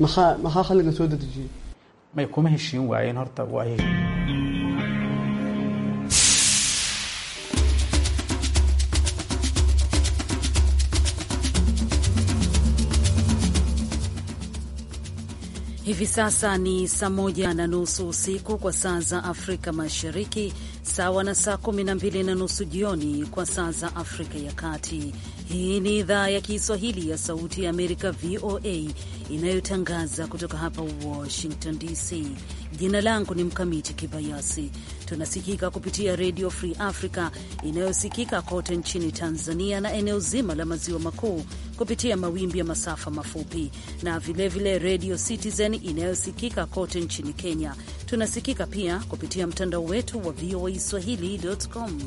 maxaa soo dedejiyey may kuma heshiin waayeen horta hivi sasa ni saa moja na nusu usiku kwa saa za Afrika Mashariki, sawa na saa kumi na mbili na nusu jioni kwa saa za Afrika ya Kati. Hii ni idhaa ya Kiswahili ya Sauti ya Amerika, VOA, inayotangaza kutoka hapa Washington DC. Jina langu ni Mkamiti Kibayasi. Tunasikika kupitia Redio Free Africa inayosikika kote nchini Tanzania na eneo zima la maziwa makuu kupitia mawimbi ya masafa mafupi na vilevile Redio Citizen inayosikika kote nchini Kenya. Tunasikika pia kupitia mtandao wetu wa voa swahili.com.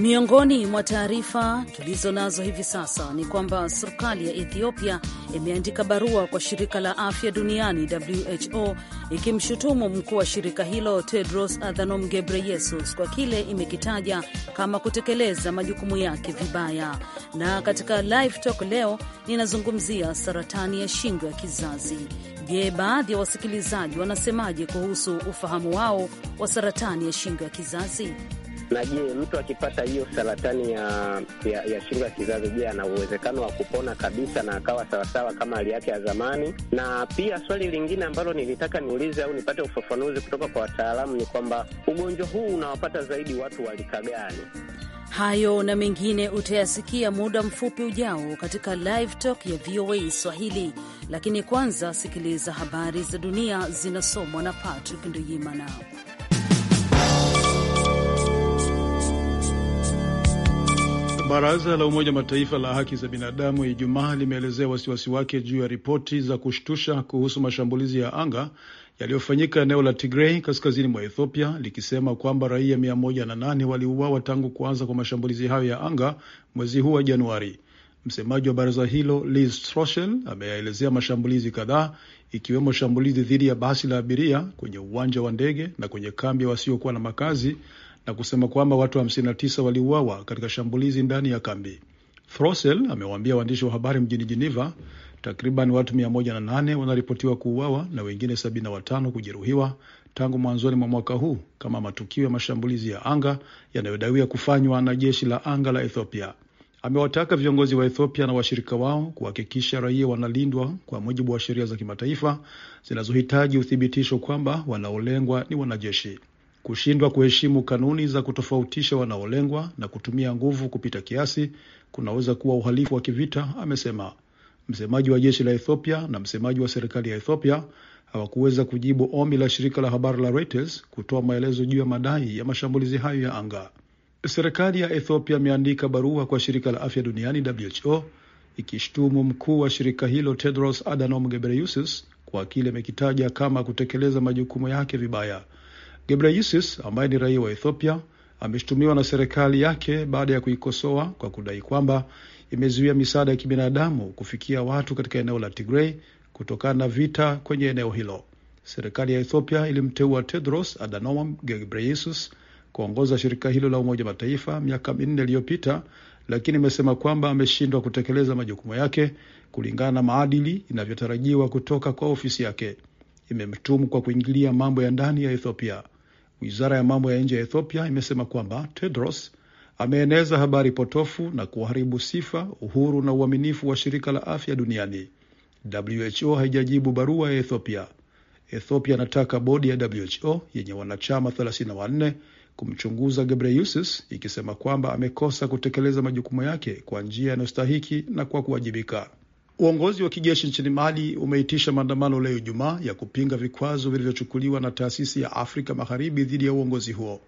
Miongoni mwa taarifa tulizo nazo hivi sasa ni kwamba serikali ya Ethiopia imeandika barua kwa shirika la afya duniani WHO ikimshutumu mkuu wa shirika hilo Tedros Adhanom Ghebreyesus kwa kile imekitaja kama kutekeleza majukumu yake vibaya. Na katika live talk leo ninazungumzia saratani ya shingo ya kizazi. Je, baadhi ya wasikilizaji wanasemaje kuhusu ufahamu wao wa saratani ya shingo ya kizazi? Na je, mtu akipata hiyo saratani ya, ya, ya shingo ya kizazi, je, ana uwezekano wa kupona kabisa na akawa sawasawa kama hali yake ya zamani? Na pia swali lingine ambalo nilitaka niulize au nipate ufafanuzi kutoka kwa wataalamu ni kwamba ugonjwa huu unawapata zaidi watu wa rika gani? Hayo na mengine utayasikia muda mfupi ujao katika Live Talk ya VOA Swahili, lakini kwanza sikiliza habari za dunia zinasomwa na Patrick Nduyimana. Baraza la Umoja Mataifa la haki za binadamu Ijumaa limeelezea wasiwasi wake juu ya ripoti za kushtusha kuhusu mashambulizi ya anga yaliyofanyika eneo la Tigrei kaskazini mwa Ethiopia, likisema kwamba raia 108 waliuawa tangu kuanza kwa mashambulizi hayo ya anga mwezi huu wa Januari. Msemaji wa baraza hilo Liz troshel ameyaelezea mashambulizi kadhaa, ikiwemo shambulizi dhidi ya basi la abiria kwenye uwanja wa ndege na kwenye kambi ya wasiokuwa na makazi na kusema kwamba watu 59 waliuawa katika shambulizi ndani ya kambi. Frosel amewaambia waandishi wa habari mjini Geneva takriban watu 108 wanaripotiwa kuuawa na wengine 75 kujeruhiwa tangu mwanzoni mwa mwaka huu kama matukio ya mashambulizi ya anga yanayodaiwa kufanywa na jeshi la anga la Ethiopia. Amewataka viongozi wa Ethiopia na washirika wao kuhakikisha raia wanalindwa kwa mujibu wa sheria za kimataifa zinazohitaji uthibitisho kwamba wanaolengwa ni wanajeshi. Kushindwa kuheshimu kanuni za kutofautisha wanaolengwa na kutumia nguvu kupita kiasi kunaweza kuwa uhalifu wa kivita, amesema. Msemaji wa jeshi la Ethiopia na msemaji wa serikali ya Ethiopia hawakuweza kujibu ombi la shirika la habari la Reuters kutoa maelezo juu ya madai ya mashambulizi hayo ya anga. Serikali ya Ethiopia imeandika barua kwa shirika la afya duniani WHO ikishtumu mkuu wa shirika hilo Tedros Adhanom Ghebreyesus kwa kile amekitaja kama kutekeleza majukumu yake vibaya. Gebreyesus ambaye ni raia wa Ethiopia ameshutumiwa na serikali yake baada ya kuikosoa kwa kudai kwamba imezuia misaada ya kibinadamu kufikia watu katika eneo la Tigray kutokana na vita kwenye eneo hilo. Serikali ya Ethiopia ilimteua Tedros Adhanom Ghebreyesus kuongoza shirika hilo la Umoja Mataifa miaka minne iliyopita, lakini imesema kwamba ameshindwa kutekeleza majukumu yake kulingana na maadili inavyotarajiwa kutoka kwa ofisi yake. Imemtumu kwa kuingilia mambo ya ndani ya Ethiopia. Wizara ya mambo ya nje ya Ethiopia imesema kwamba Tedros ameeneza habari potofu na kuharibu sifa, uhuru na uaminifu wa shirika la afya duniani. WHO haijajibu barua ya Ethiopia. Ethiopia anataka bodi ya WHO yenye wanachama 34 kumchunguza Gebreyesus ikisema kwamba amekosa kutekeleza majukumu yake kwa njia inayostahiki na kwa kuwajibika. Uongozi wa kijeshi nchini Mali umeitisha maandamano leo Ijumaa ya kupinga vikwazo vilivyochukuliwa na taasisi ya Afrika Magharibi dhidi ya uongozi huo.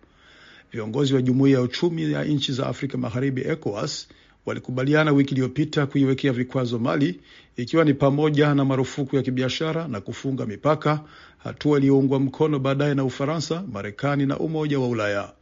Viongozi wa jumuiya ya uchumi ya nchi za Afrika Magharibi, ECOWAS, walikubaliana wiki iliyopita kuiwekea vikwazo Mali, ikiwa ni pamoja na marufuku ya kibiashara na kufunga mipaka, hatua iliyoungwa mkono baadaye na Ufaransa, Marekani na Umoja wa Ulaya.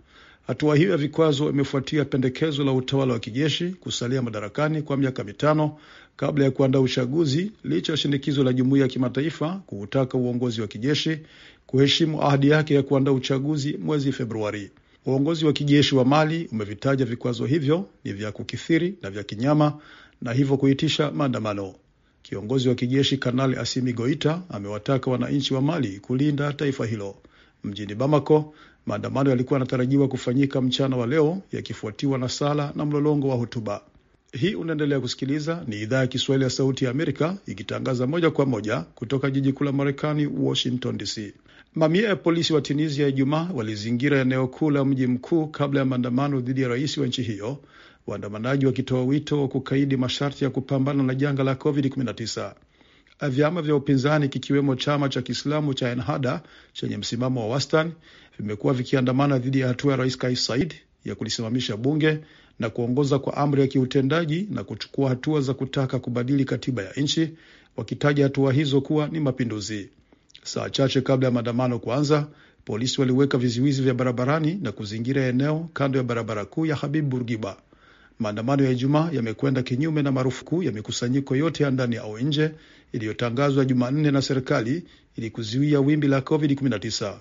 Hatua hiyo ya vikwazo imefuatia pendekezo la utawala wa kijeshi kusalia madarakani kwa miaka mitano kabla ya kuandaa uchaguzi, licha ya shinikizo la jumuiya ya kimataifa kuutaka uongozi wa kijeshi kuheshimu ahadi yake ya kuandaa uchaguzi mwezi Februari. Uongozi wa kijeshi wa Mali umevitaja vikwazo hivyo ni vya kukithiri na vya kinyama na hivyo kuitisha maandamano. Kiongozi wa kijeshi Kanali Asimi Goita amewataka wananchi wa Mali kulinda taifa hilo. Mjini Bamako, Maandamano yalikuwa yanatarajiwa kufanyika mchana wa leo yakifuatiwa na sala na mlolongo wa hotuba. Hii unaendelea kusikiliza, ni idhaa ya Kiswahili ya Sauti ya Amerika ikitangaza moja kwa moja kutoka jiji kuu la Marekani, Washington DC. Mamia ya polisi wa Tunisia Ijumaa walizingira eneo kuu la mji mkuu kabla ya maandamano dhidi ya rais wa nchi hiyo, waandamanaji wakitoa wito wa kukaidi masharti ya kupambana na janga la COVID-19. Eh, vyama vya upinzani kikiwemo chama cha Kiislamu cha Ennahda chenye msimamo wa wastani vimekuwa vikiandamana dhidi ya hatua ya Rais Kais Saied ya kulisimamisha bunge na kuongoza kwa amri ya kiutendaji na kuchukua hatua za kutaka kubadili katiba ya nchi, wakitaja hatua hizo kuwa ni mapinduzi. Saa chache kabla ya maandamano kuanza, polisi waliweka vizuizi vya barabarani na kuzingira eneo kando ya barabara kuu ya Habib Burgiba. Maandamano ya Ijumaa yamekwenda kinyume na marufuku ya mikusanyiko yote ya ndani au nje iliyotangazwa Jumanne na serikali ili kuzuia wimbi la COVID-19.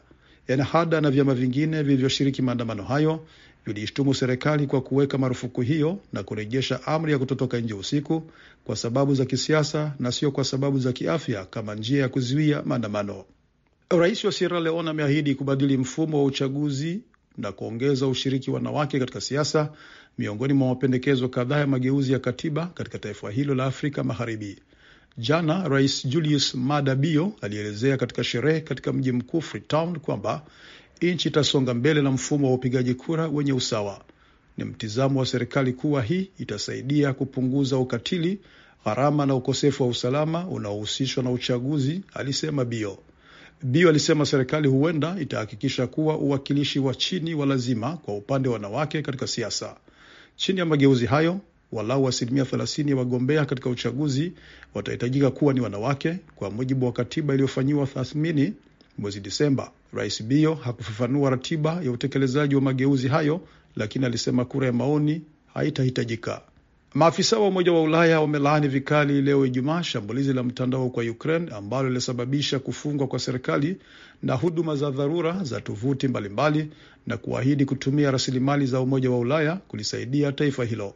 Enhada na vyama vingine vilivyoshiriki maandamano hayo viliishtumu serikali kwa kuweka marufuku hiyo na kurejesha amri ya kutotoka nje usiku kwa sababu za kisiasa na sio kwa sababu za kiafya kama njia ya kuzuia maandamano. Rais wa Sierra Leone ameahidi kubadili mfumo wa uchaguzi na kuongeza ushiriki wanawake katika siasa, miongoni mwa mapendekezo kadhaa ya mageuzi ya katiba katika taifa hilo la Afrika Magharibi. Jana Rais Julius Maada Bio alielezea katika sherehe katika mji mkuu Freetown kwamba nchi itasonga mbele na mfumo wa upigaji kura wenye usawa. Ni mtizamo wa serikali kuwa hii itasaidia kupunguza ukatili, gharama na ukosefu wa usalama unaohusishwa na uchaguzi, alisema Bio. Bio alisema serikali huenda itahakikisha kuwa uwakilishi wa chini wa lazima kwa upande wa wanawake katika siasa. Chini ya mageuzi hayo, walau asilimia 30 ya wagombea katika uchaguzi watahitajika kuwa ni wanawake, kwa mujibu wa katiba iliyofanyiwa tathmini mwezi Disemba. Rais Bio hakufafanua ratiba ya utekelezaji wa mageuzi hayo, lakini alisema kura ya maoni haitahitajika. Maafisa wa Umoja wa Ulaya wamelaani vikali leo Ijumaa shambulizi la mtandao kwa Ukraine ambalo lilisababisha kufungwa kwa serikali na huduma za dharura za tovuti mbalimbali na kuahidi kutumia rasilimali za Umoja wa Ulaya kulisaidia taifa hilo.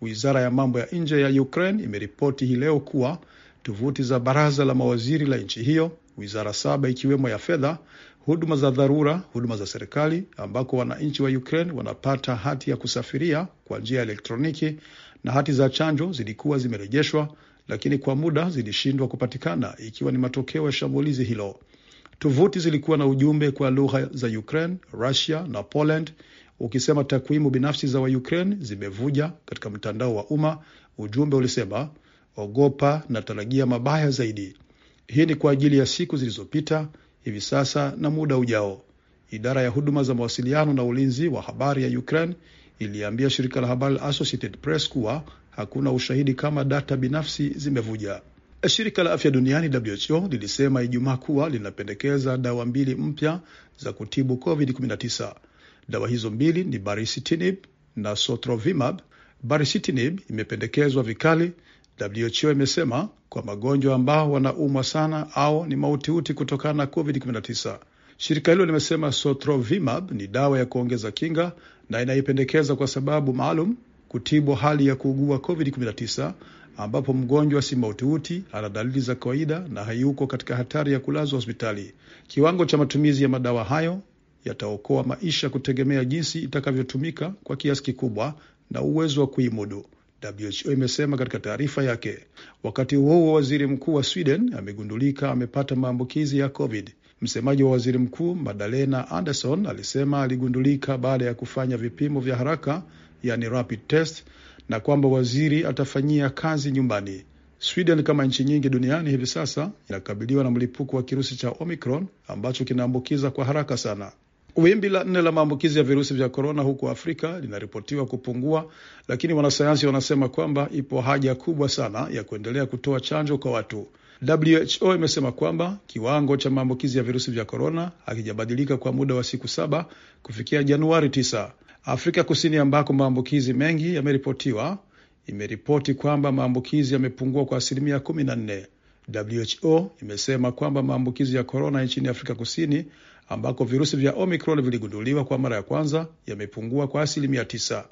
Wizara ya mambo ya nje ya Ukraine imeripoti hii leo kuwa tovuti za baraza la mawaziri la nchi hiyo, wizara saba ikiwemo ya fedha, huduma za dharura, huduma za serikali, ambako wananchi wa Ukraine wanapata hati ya kusafiria kwa njia ya elektroniki na hati za chanjo zilikuwa zimerejeshwa, lakini kwa muda zilishindwa kupatikana, ikiwa ni matokeo ya shambulizi hilo. Tovuti zilikuwa na ujumbe kwa lugha za Ukraine, Russia na Poland ukisema takwimu binafsi za Waukraine zimevuja katika mtandao wa umma. Ujumbe ulisema ogopa natarajia mabaya zaidi. Hii ni kwa ajili ya siku zilizopita, hivi sasa na muda ujao. Idara ya huduma za mawasiliano na ulinzi wa habari ya Ukraine iliambia shirika la habari la Associated Press kuwa hakuna ushahidi kama data binafsi zimevuja. Shirika la afya duniani WHO lilisema Ijumaa kuwa linapendekeza dawa mbili mpya za kutibu COVID-19. Dawa hizo mbili ni baricitinib na sotrovimab. Baricitinib imependekezwa vikali, WHO imesema kwa magonjwa ambao wanaumwa sana au ni mautiuti kutokana na COVID-19. Shirika hilo limesema sotrovimab ni dawa ya kuongeza kinga na inaipendekeza kwa sababu maalum kutibwa hali ya kuugua COVID-19 ambapo mgonjwa si mautiuti, ana dalili za kawaida na hayuko katika hatari ya kulazwa hospitali. Kiwango cha matumizi ya madawa hayo yataokoa maisha kutegemea jinsi itakavyotumika kwa kiasi kikubwa na uwezo wa kuimudu, WHO imesema katika taarifa yake. Wakati huo huo, waziri mkuu wa Sweden amegundulika amepata maambukizi ya COVID. Msemaji wa waziri mkuu Madalena Anderson alisema aligundulika baada ya kufanya vipimo vya haraka, yani rapid test, na kwamba waziri atafanyia kazi nyumbani. Sweden kama nchi nyingi duniani hivi sasa inakabiliwa na mlipuko wa kirusi cha Omicron ambacho kinaambukiza kwa haraka sana. Wimbi la nne la maambukizi ya virusi vya korona huko Afrika linaripotiwa kupungua, lakini wanasayansi wanasema kwamba ipo haja kubwa sana ya kuendelea kutoa chanjo kwa watu. WHO imesema kwamba kiwango cha maambukizi ya virusi vya korona hakijabadilika kwa muda wa siku saba kufikia Januari 9. Afrika Kusini, ambako maambukizi mengi yameripotiwa, imeripoti kwamba maambukizi yamepungua kwa asilimia 14. WHO imesema kwamba maambukizi ya korona nchini Afrika Kusini ambako virusi vya Omicron viligunduliwa kwa mara ya kwanza yamepungua kwa asilimia tisa.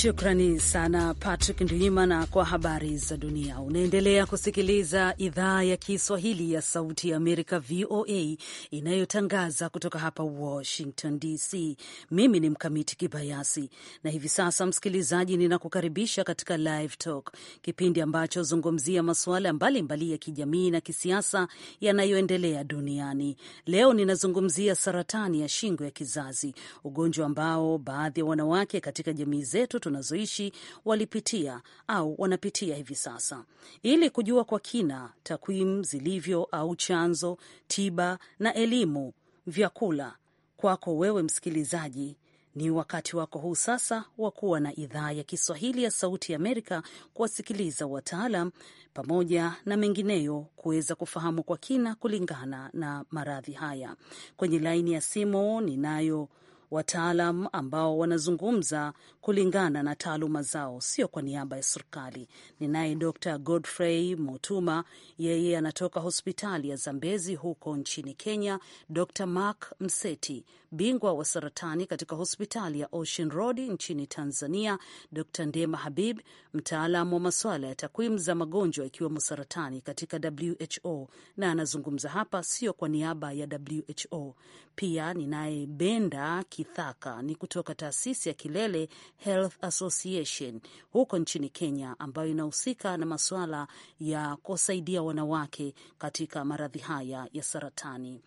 Shukrani sana Patrick nduimana kwa habari za dunia. Unaendelea kusikiliza idhaa ya Kiswahili ya Sauti ya Amerika, VOA, inayotangaza kutoka hapa Washington DC. Mimi ni Mkamiti Kibayasi, na hivi sasa, msikilizaji, ninakukaribisha katika Live Talk, kipindi ambacho zungumzia masuala mbalimbali ya kijamii na kisiasa yanayoendelea duniani. Leo ninazungumzia saratani ya shingo ya kizazi, ugonjwa ambao baadhi ya wanawake katika jamii zetu tunazoishi walipitia au wanapitia hivi sasa, ili kujua kwa kina takwimu zilivyo au chanzo, tiba na elimu, vyakula kwako wewe msikilizaji. Ni wakati wako huu sasa wa kuwa na idhaa ya Kiswahili ya Sauti ya Amerika, kuwasikiliza wataalam pamoja na mengineyo, kuweza kufahamu kwa kina kulingana na maradhi haya. Kwenye laini ya simu ninayo wataalam ambao wanazungumza kulingana na taaluma zao, sio kwa niaba ya serikali. Ninaye Dr Godfrey Mutuma, yeye anatoka hospitali ya Zambezi huko nchini Kenya. Dr Mark Mseti, bingwa wa saratani katika hospitali ya Ocean Road nchini Tanzania. Dr Ndema Habib, mtaalam wa masuala ya takwimu za magonjwa ikiwemo saratani katika WHO na anazungumza hapa sio kwa niaba ya WHO. Pia ninaye Benda Kithaka ni kutoka taasisi ya Kilele Health Association huko nchini Kenya, ambayo inahusika na masuala ya kusaidia wanawake katika maradhi haya ya saratani.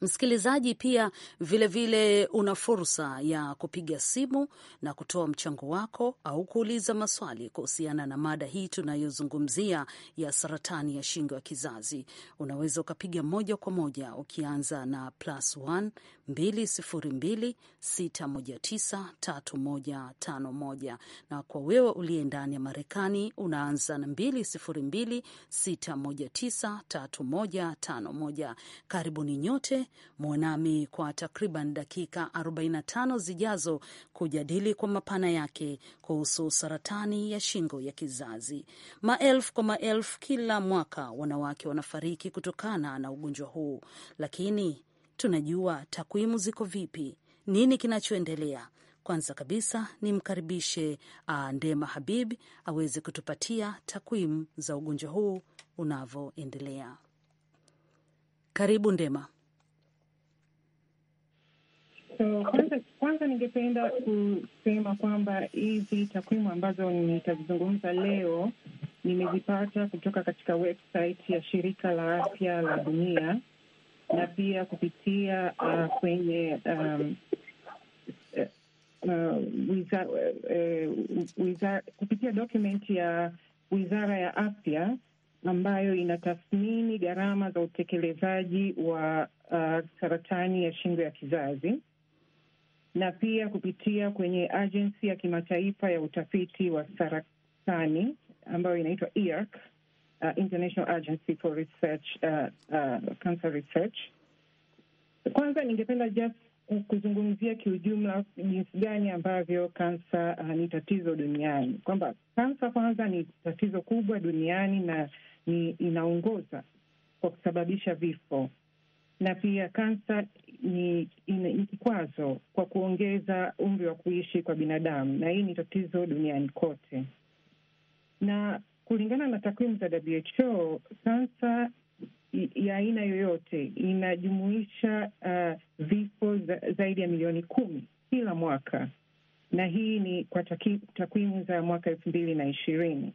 Msikilizaji pia vilevile vile una fursa ya kupiga simu na kutoa mchango wako au kuuliza maswali kuhusiana na mada hii tunayozungumzia ya saratani ya shingo ya kizazi. Unaweza ukapiga moja kwa moja ukianza na plus 1 202 na kwa wewe uliye ndani ya Marekani unaanza na 202 Karibuni nyote mwanami kwa takriban dakika 45 zijazo kujadili kwa mapana yake kuhusu saratani ya shingo ya kizazi. Maelfu kwa maelfu kila mwaka wanawake wanafariki kutokana na ugonjwa huu, lakini tunajua takwimu ziko vipi? Nini kinachoendelea? Kwanza kabisa nimkaribishe uh, Ndema Habib aweze kutupatia takwimu za ugonjwa huu unavyoendelea. Karibu Ndema. So kwanza, kwanza ningependa kusema kwamba hizi takwimu ambazo nitazizungumza leo nimezipata kutoka katika website ya shirika la afya la dunia na pia kupitia uh, kwenye um, uh, uh wiza, uh, uh, wiza, kupitia dokumenti ya Wizara ya Afya ambayo inatathmini gharama za utekelezaji wa uh, saratani ya shingo ya kizazi na pia kupitia kwenye ajensi ya kimataifa ya utafiti wa saratani ambayo inaitwa IARC, e uh, International Agency for Research, uh, uh, Cancer Research. Kwanza ningependa just kuzungumzia kiujumla jinsi gani ambavyo kansa uh, ni tatizo duniani, kwamba kansa kwanza ni tatizo kubwa duniani na ni inaongoza kwa kusababisha vifo, na pia kansa ni, ni, ni kikwazo kwa kuongeza umri wa kuishi kwa binadamu, na hii ni tatizo duniani kote. Na kulingana na takwimu za WHO, kansa ya aina yoyote inajumuisha uh, vifo za, zaidi ya milioni kumi kila mwaka, na hii ni kwa takwimu za mwaka elfu mbili na ishirini.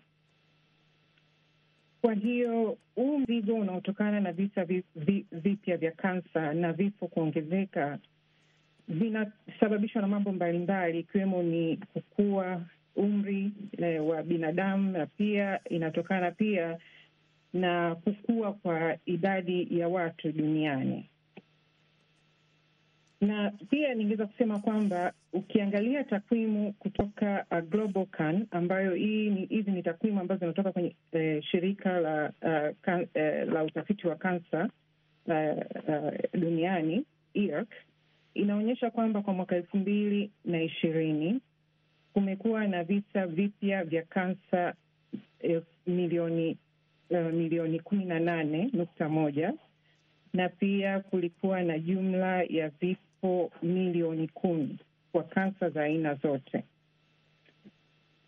Kwa hiyo huu mzigo unaotokana na visa vipya vya kansa na vifo kuongezeka vinasababishwa na mambo mbalimbali, ikiwemo ni kukua umri eh, wa binadamu, na pia inatokana pia na kukua kwa idadi ya watu duniani na pia ningeweza kusema kwamba ukiangalia takwimu kutoka uh, ambayo hizi ni takwimu ambazo zinatoka kwenye eh, shirika la, uh, kan, eh, la utafiti wa kansa uh, uh, duniani IARC, e inaonyesha kwamba kwa mwaka elfu mbili na ishirini kumekuwa na visa vipya vya kansa eh, milioni eh, milioni kumi na nane nukta moja na pia kulikuwa na jumla ya visa wapo milioni kumi kwa kansa za aina zote.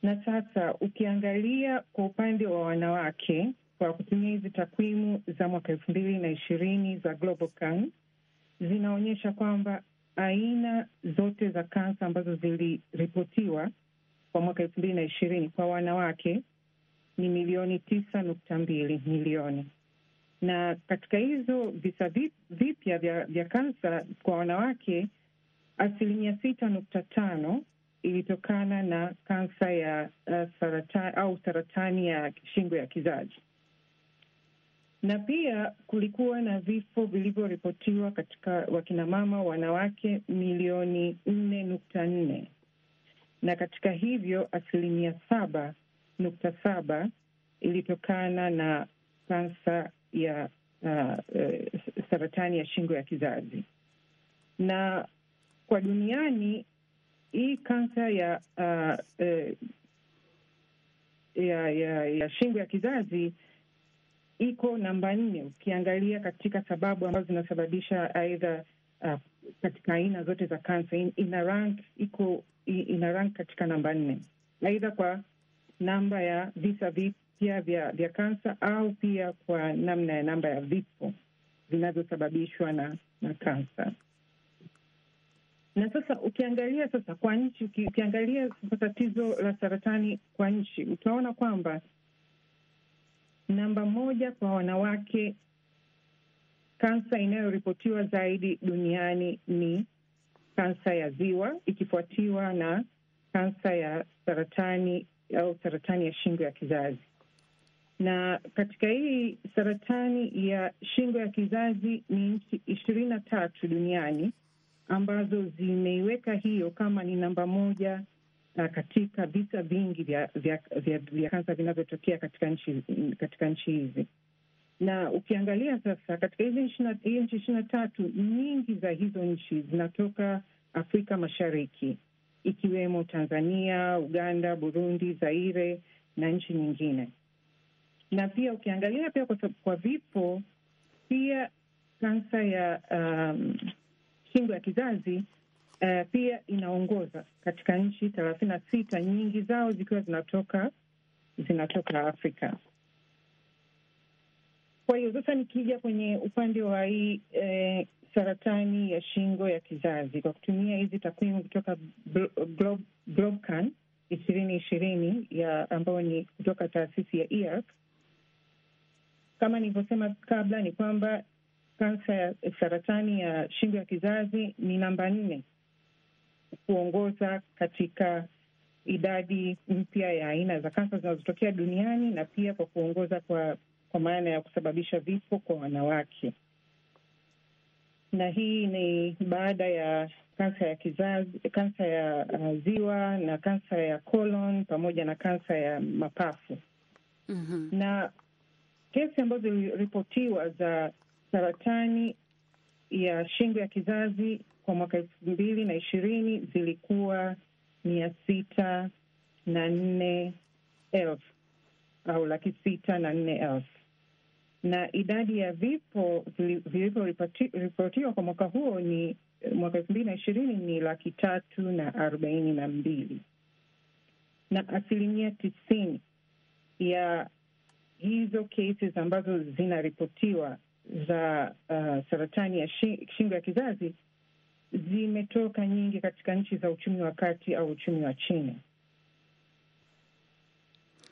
Na sasa ukiangalia kwa upande wa wanawake kwa kutumia hizi takwimu za mwaka elfu mbili na ishirini za Can zinaonyesha kwamba aina zote za kansa ambazo ziliripotiwa kwa mwaka elfu mbili na ishirini kwa wanawake ni milioni tisa nukta mbili milioni na katika hizo visa vipya vya, vya kansa kwa wanawake asilimia sita nukta tano ilitokana na kansa ya uh, saratani au saratani ya shingo ya kizazi, na pia kulikuwa na vifo vilivyoripotiwa katika wakinamama wanawake milioni nne nukta nne na katika hivyo asilimia saba nukta saba ilitokana na kansa ya uh, uh, saratani ya shingo ya kizazi. Na kwa duniani hii kansa ya uh, uh, ya, ya, ya shingo ya kizazi iko namba nne ukiangalia katika sababu ambazo zinasababisha aidha uh, katika aina zote za kansa in, ina rank iko ina rank katika namba nne aidha kwa namba ya visa vi, pia vya, vya kansa au pia kwa namna ya namba ya vifo vinavyosababishwa na na kansa. Na sasa ukiangalia sasa kwa nchi, ukiangalia tatizo la saratani kwa nchi, utaona kwamba namba moja kwa wanawake, kansa inayoripotiwa zaidi duniani ni kansa ya ziwa ikifuatiwa na kansa ya saratani au saratani ya shingo ya kizazi na katika hii saratani ya shingo ya kizazi ni nchi ishirini na tatu duniani ambazo zimeiweka hiyo kama ni namba moja na katika visa vingi vya, vya, vya, vya kansa vinavyotokea katika nchi katika nchi hizi. Na ukiangalia sasa katika hizi nchi ishirini na tatu nyingi za hizo nchi zinatoka Afrika Mashariki ikiwemo Tanzania, Uganda, Burundi, Zaire na nchi nyingine na pia ukiangalia pia kwa, kwa vipo pia kansa ya um, shingo ya kizazi uh, pia inaongoza katika nchi thelathini na sita, nyingi zao zikiwa zinatoka zinatoka Afrika. Kwa hiyo sasa nikija kwenye upande wa hii eh, saratani ya shingo ya kizazi kwa kutumia hizi takwimu kutoka GLOBOCAN ishirini ishirini ya ambayo ni kutoka taasisi ya IARC kama nilivyosema kabla, ni kwamba kansa ya saratani ya shingo ya kizazi ni namba nne kuongoza katika idadi mpya ya aina za kansa zinazotokea duniani na pia kwa kuongoza kwa, kwa maana ya kusababisha vifo kwa wanawake, na hii ni baada ya kansa ya kizazi, kansa ya uh, ziwa na kansa ya colon pamoja na kansa ya mapafu. Mm-hmm. Na Kesi ambazo ziliripotiwa za saratani ya shingo ya kizazi kwa mwaka elfu mbili na ishirini zilikuwa mia sita na nne elfu au laki sita na nne elfu na idadi ya vifo vilivyoripotiwa kwa mwaka huo ni mwaka elfu mbili na ishirini ni laki tatu na arobaini na mbili na asilimia tisini ya hizo kesi ambazo zinaripotiwa za uh, saratani ya shingo ya kizazi zimetoka nyingi katika nchi za uchumi wa kati au uchumi wa chini.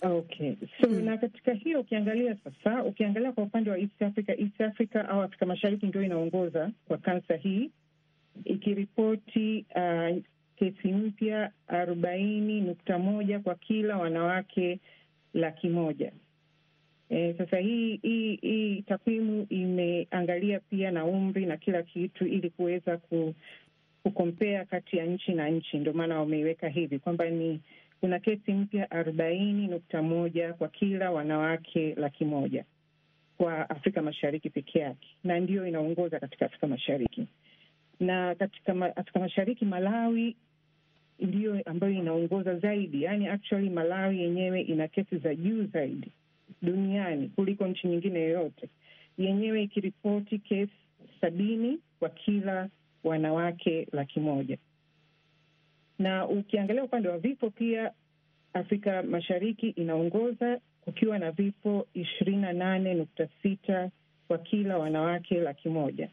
Okay, so mm. Na katika hiyo ukiangalia sasa, ukiangalia kwa upande wa East Africa, East Africa au Afrika Mashariki ndio inaongoza kwa kansa hii ikiripoti uh, kesi mpya arobaini nukta moja kwa kila wanawake laki moja. E, sasa hii hii hii takwimu imeangalia pia na umri na kila kitu ili kuweza ku, kukompea kati ya nchi na nchi. Ndio maana wameiweka hivi kwamba ni kuna kesi mpya arobaini nukta moja kwa kila wanawake laki moja kwa Afrika Mashariki peke yake, na ndiyo inaongoza katika Afrika Mashariki. Na katika ma, Afrika Mashariki Malawi ndiyo ambayo inaongoza zaidi, yani actually Malawi yenyewe ina kesi za juu zaidi duniani kuliko nchi nyingine yoyote, yenyewe ikiripoti kesi sabini kwa kila wanawake laki moja. Na ukiangalia upande wa vifo pia, Afrika Mashariki inaongoza kukiwa na vifo ishirini na nane nukta sita kwa kila wanawake laki moja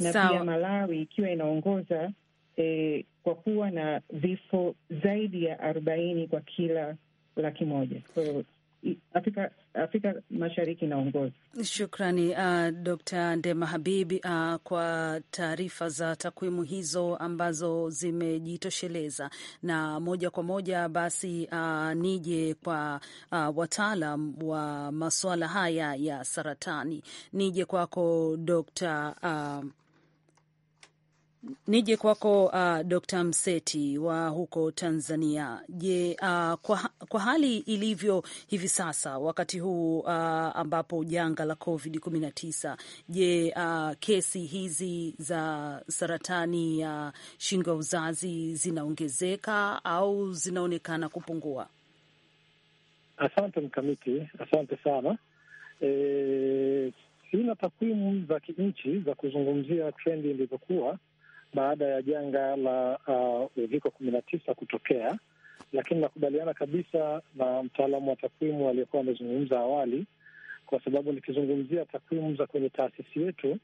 na Sao. pia Malawi ikiwa inaongoza e, kwa kuwa na vifo zaidi ya arobaini kwa kila laki moja. Kwa hiyo Afrika, Afrika Mashariki inaongoza. Shukrani uh, Dr. Ndema Habibi uh, kwa taarifa za takwimu hizo ambazo zimejitosheleza, na moja kwa moja basi uh, nije kwa uh, wataalam wa masuala haya ya saratani, nije kwako Dr. uh, nije kwako uh, Dr. Mseti wa huko Tanzania. Je, uh, kwa, kwa hali ilivyo hivi sasa wakati huu uh, ambapo janga la COVID 19, je, uh, kesi hizi za saratani ya uh, shingo ya uzazi zinaongezeka au zinaonekana kupungua? Asante Mkamiti, asante sana e, sina takwimu za kinchi za kuzungumzia trendi ilivyokuwa baada ya janga la uh, uviko uh, kumi na tisa kutokea, lakini nakubaliana kabisa na mtaalamu wa takwimu aliyekuwa amezungumza awali, kwa sababu nikizungumzia takwimu za kwenye taasisi yetu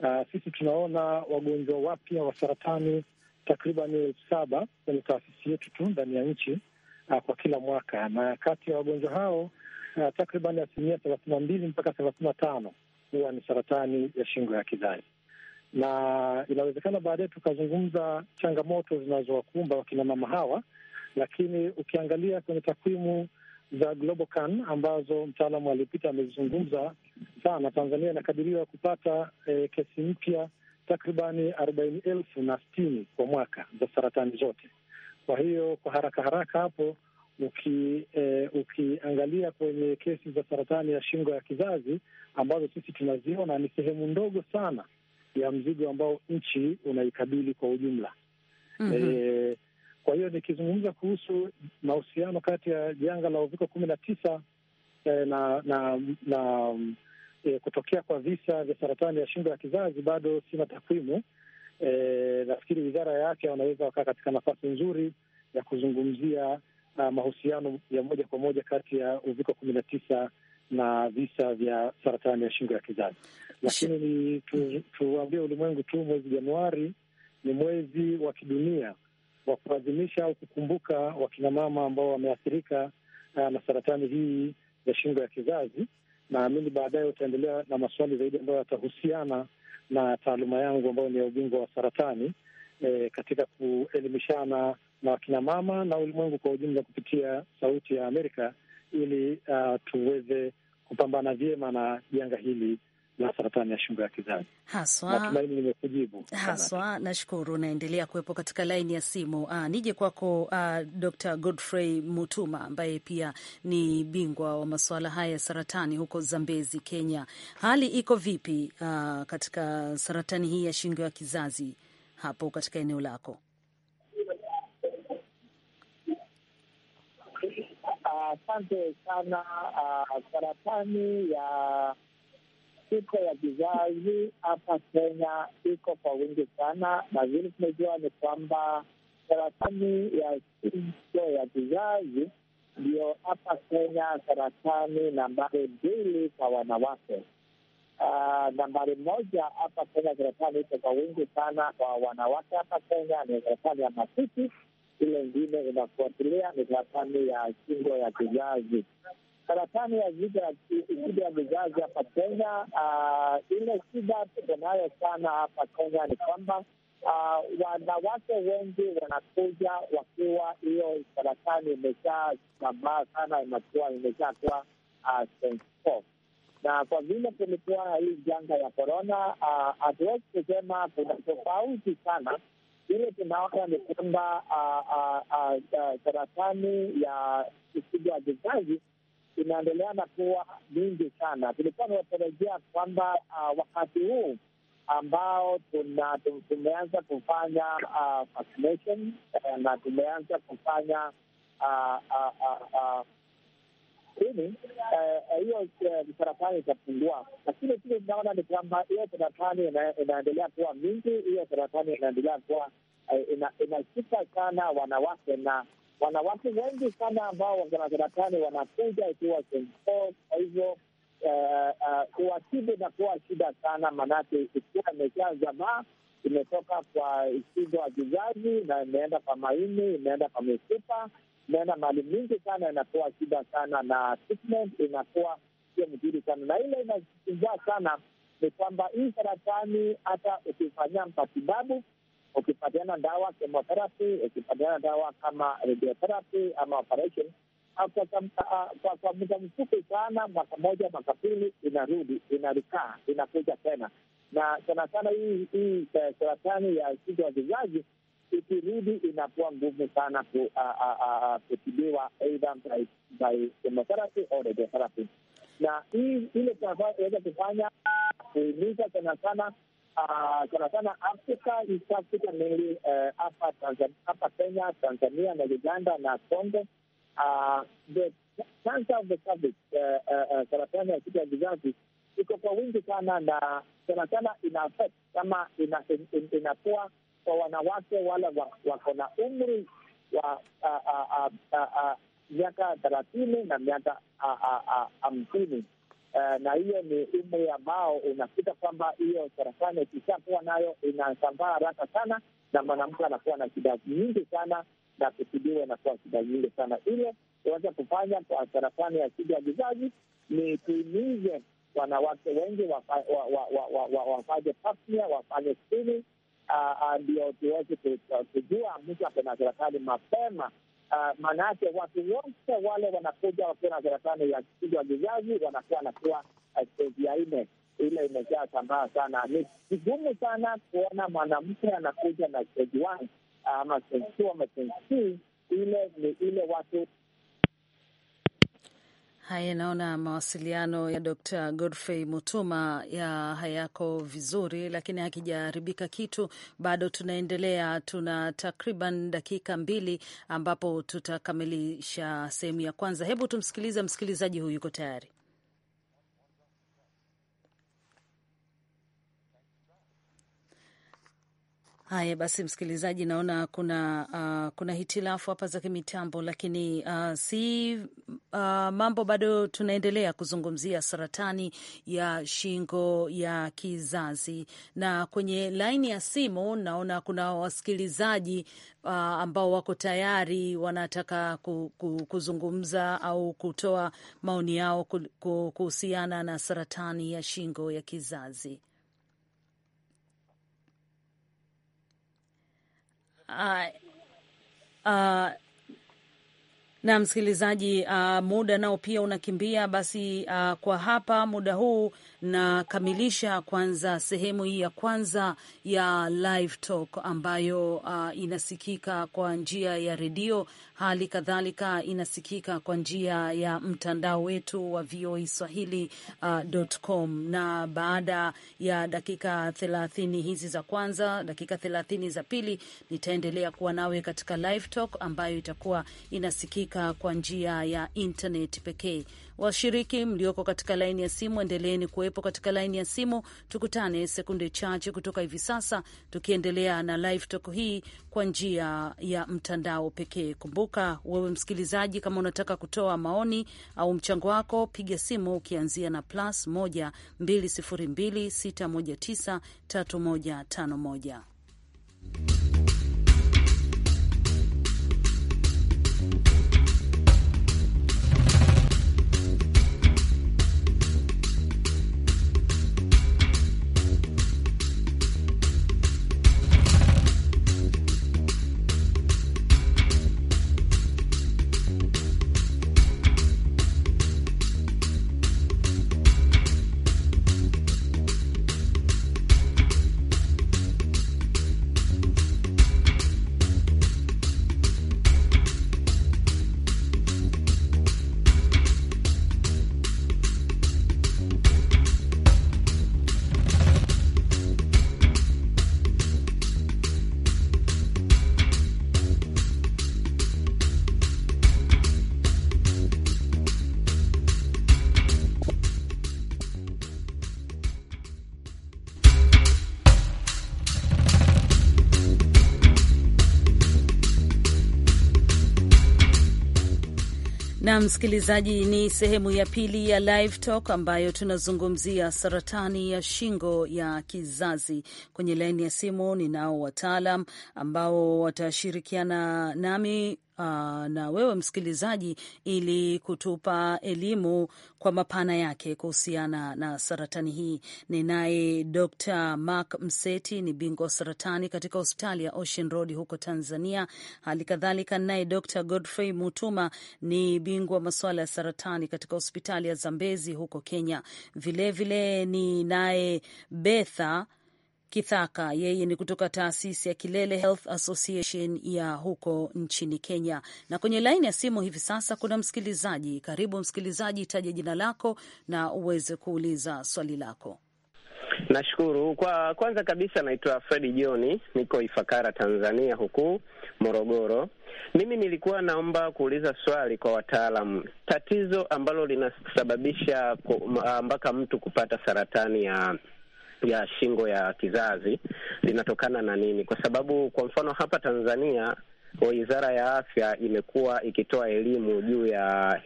uh, sisi tunaona wagonjwa wapya wa saratani takriban elfu saba kwenye taasisi yetu tu ndani ya nchi uh, kwa kila mwaka, na kati ya wagonjwa hao uh, takriban asilimia thelathini na mbili mpaka thelathini na tano huwa ni saratani ya shingo ya kizazi na inawezekana baadaye tukazungumza changamoto zinazowakumba wakinamama hawa, lakini ukiangalia kwenye takwimu za GlobalCan ambazo mtaalamu aliyepita amezizungumza sana, Tanzania inakadiriwa kupata e, kesi mpya takribani arobaini elfu na sitini kwa mwaka za saratani zote. Kwa hiyo kwa haraka haraka hapo uki, e, ukiangalia kwenye kesi za saratani ya shingo ya kizazi ambazo sisi tunaziona ni sehemu ndogo sana ya mzigo ambao nchi unaikabili kwa ujumla. mm -hmm. E, kwa hiyo nikizungumza kuhusu mahusiano kati ya janga la uviko kumi na tisa e, na na, na e, kutokea kwa visa vya saratani ya shingo ya kizazi bado sina takwimu. E, nafikiri wizara ya afya wanaweza wakaa katika nafasi nzuri ya kuzungumzia uh, mahusiano ya moja kwa moja kati ya uviko kumi na tisa na visa vya saratani ya shingo ya kizazi. Lakini ni tu, tuambie ulimwengu tu, mwezi Januari ni mwezi wa kidunia wa kuadhimisha au kukumbuka wakinamama ambao wameathirika eh, na saratani hii ya shingo ya kizazi. Naamini baadaye utaendelea na maswali zaidi ambayo yatahusiana na taaluma yangu ambayo ni ya ubingwa wa saratani e, katika kuelimishana na wakinamama na ulimwengu kwa ujumla kupitia Sauti ya Amerika ili uh, tuweze kupambana vyema na janga hili la saratani ya shingo ya kizazi haswa. Natumaini nimekujibu haswa, nashukuru. Naendelea kuwepo katika laini ya simu. Aa, ah, nije kwako uh, ah, Dr. Godfrey Mutuma ambaye pia ni bingwa wa masuala haya ya saratani huko Zambezi, Kenya. Hali iko vipi uh, katika saratani hii ya shingo ya kizazi hapo katika eneo lako? Asante sana. Ah, saratani ya siko ya kizazi hapa Kenya iko kwa wingi sana, na vile tumejua ni kwamba saratani ya siko ya kizazi ndio hapa Kenya saratani nambari mbili kwa wanawake. Uh, nambari moja hapa Kenya saratani iko kwa wingi sana kwa wanawake hapa Kenya ni saratani ya matiti zile ingine zinafuatilia ni saratani ya shingo ya kizazi. Saratani ya shingo ya kizazi hapa Kenya, ah, ile shida tuko nayo sana hapa Kenya ni kwamba Uh, wanawake wengi wanakuja wakiwa hiyo saratani imeshasambaa sana, imekuwa imeshakuwa uh, ah, na kwa vile kulikuwa hii janga ya korona, hatuwezi uh, kusema kuna tofauti sana vile tunaona ni kwamba saratani ya ufigo wa kizazi inaendelea na kuwa mingi sana. Tulikuwa tunatarajia kwamba wakati huu ambao tumeanza kufanya vaccination eh, na tumeanza kufanya kumi, eh, hiyo eh, saratani itapungua. Lakini pia inaona ni kwamba hiyo saratani inaendelea kuwa mingi, hiyo saratani inaendelea kuwa eh, inashika sana wanawake, na wanawake wengi sana ambao na saratani wanakuja ikiwa kwa hivyo kuwatibu inakuwa shida sana, maanake ikiwa imesha zamaa imetoka kwa kigo ya kizazi na imeenda kwa maini, imeenda kwa mifupa unaona mali mingi sana inakuwa shida sana, na treatment inakuwa sio mzuri sana, na ile inasumbua sana ni kwamba hii saratani hata ukifanyia matibabu, ukipatiana dawa chemotherapy, ukipatiana dawa kama radiotherapy ama operation ah, ah, kwa muda mfupi sana, mwaka moja mwaka pili, inarudi inarikaa, inakuja tena. Na sana sana hii eh, saratani ya shingo ya kizazi ikirudi inakuwa ngumu sana kutibiwa either by by chemotherapy or radiotherapy, na hii ile tunaweza kufanya kuhimiza sana sana sana sana Afrika, East Africa mainly e, hapa Kenya, Tanzania na Uganda na Congo, the cancer of the cervix, e, e, saratani ya kichwa kizazi iko kwa wingi sana, na sana sana ina affect kama inakuwa kwa wanawake wale wako na umri wa miaka thelathini na miaka hamsini. Uh, na hiyo ni umri ambao unakuta kwamba hiyo saratani ikishakuwa nayo inasambaa haraka sana, na mwanamke anakuwa na shida nyingi sana, na kutibiwa inakuwa shida nyingi sana. Ile tuweze kufanya kwa saratani ya shida ya vizazi ni tuimize wanawake wengi wafanye wafanye screening Ah, ah, ndio tuweze ah, kujua mtu ako na saratani mapema. Uh, watu wote wale wanakuja wakiwa na saratani ya kichwa ya kizazi wanakuwa anakuwa stegi ya nne, ile imejaa sambaa sana. Ni kigumu sana kuona mwanamke anakuja na stegi one ama two ama three. Ile ni ile watu Haya, naona mawasiliano ya Dr. Godfrey Mutuma ya hayako vizuri, lakini hakijaharibika kitu bado. Tunaendelea, tuna takriban dakika mbili ambapo tutakamilisha sehemu ya kwanza. Hebu tumsikilize msikilizaji huyu, yuko tayari. Haya basi, msikilizaji, naona kuna uh, kuna hitilafu hapa za kimitambo, lakini uh, si uh, mambo bado tunaendelea kuzungumzia saratani ya shingo ya kizazi, na kwenye laini ya simu naona kuna wasikilizaji uh, ambao wako tayari wanataka ku, ku, kuzungumza au kutoa maoni yao kuhusiana na saratani ya shingo ya kizazi. Uh, uh, na msikilizaji, uh, muda nao pia unakimbia. Basi uh, kwa hapa muda huu nakamilisha kwanza sehemu hii ya kwanza ya live talk ambayo uh, inasikika kwa njia ya redio, hali kadhalika inasikika kwa njia ya mtandao wetu wa VOA e Swahili.com. Uh, na baada ya dakika thelathini hizi za kwanza, dakika thelathini za pili nitaendelea kuwa nawe katika live talk ambayo itakuwa inasikika kwa njia ya internet pekee. Washiriki mlioko katika laini ya simu, endeleeni kuwepo katika laini ya simu. Tukutane sekunde chache kutoka hivi sasa, tukiendelea na live talk hii kwa njia ya mtandao pekee. Kumbuka wewe msikilizaji, kama unataka kutoa maoni au mchango wako, piga simu ukianzia na plus 1 202 619 3151. Na msikilizaji, ni sehemu ya pili ya Live Talk ambayo tunazungumzia saratani ya shingo ya kizazi. Kwenye laini ya simu ninao wataalam ambao watashirikiana nami Uh, na wewe msikilizaji, ili kutupa elimu kwa mapana yake kuhusiana na saratani hii. Ninaye Dr. Mark Mseti, ni bingwa saratani katika hospitali ya Ocean Road huko Tanzania. Hali kadhalika naye Dr. Godfrey Mutuma, ni bingwa masuala ya saratani katika hospitali ya Zambezi huko Kenya. Vilevile ni naye Betha Kithaka. Yeye ni kutoka taasisi ya Kilele Health Association ya huko nchini Kenya. Na kwenye laini ya simu hivi sasa kuna msikilizaji. Karibu msikilizaji, taja jina lako na uweze kuuliza swali lako. Nashukuru. Kwa kwanza kabisa, naitwa Fredi Joni, niko Ifakara, Tanzania, huku Morogoro. Mimi nilikuwa naomba kuuliza swali kwa wataalam tatizo ambalo linasababisha mpaka mtu kupata saratani ya ya shingo ya kizazi linatokana na nini? Kwa sababu kwa mfano hapa Tanzania Wizara ya Afya imekuwa ikitoa elimu juu ya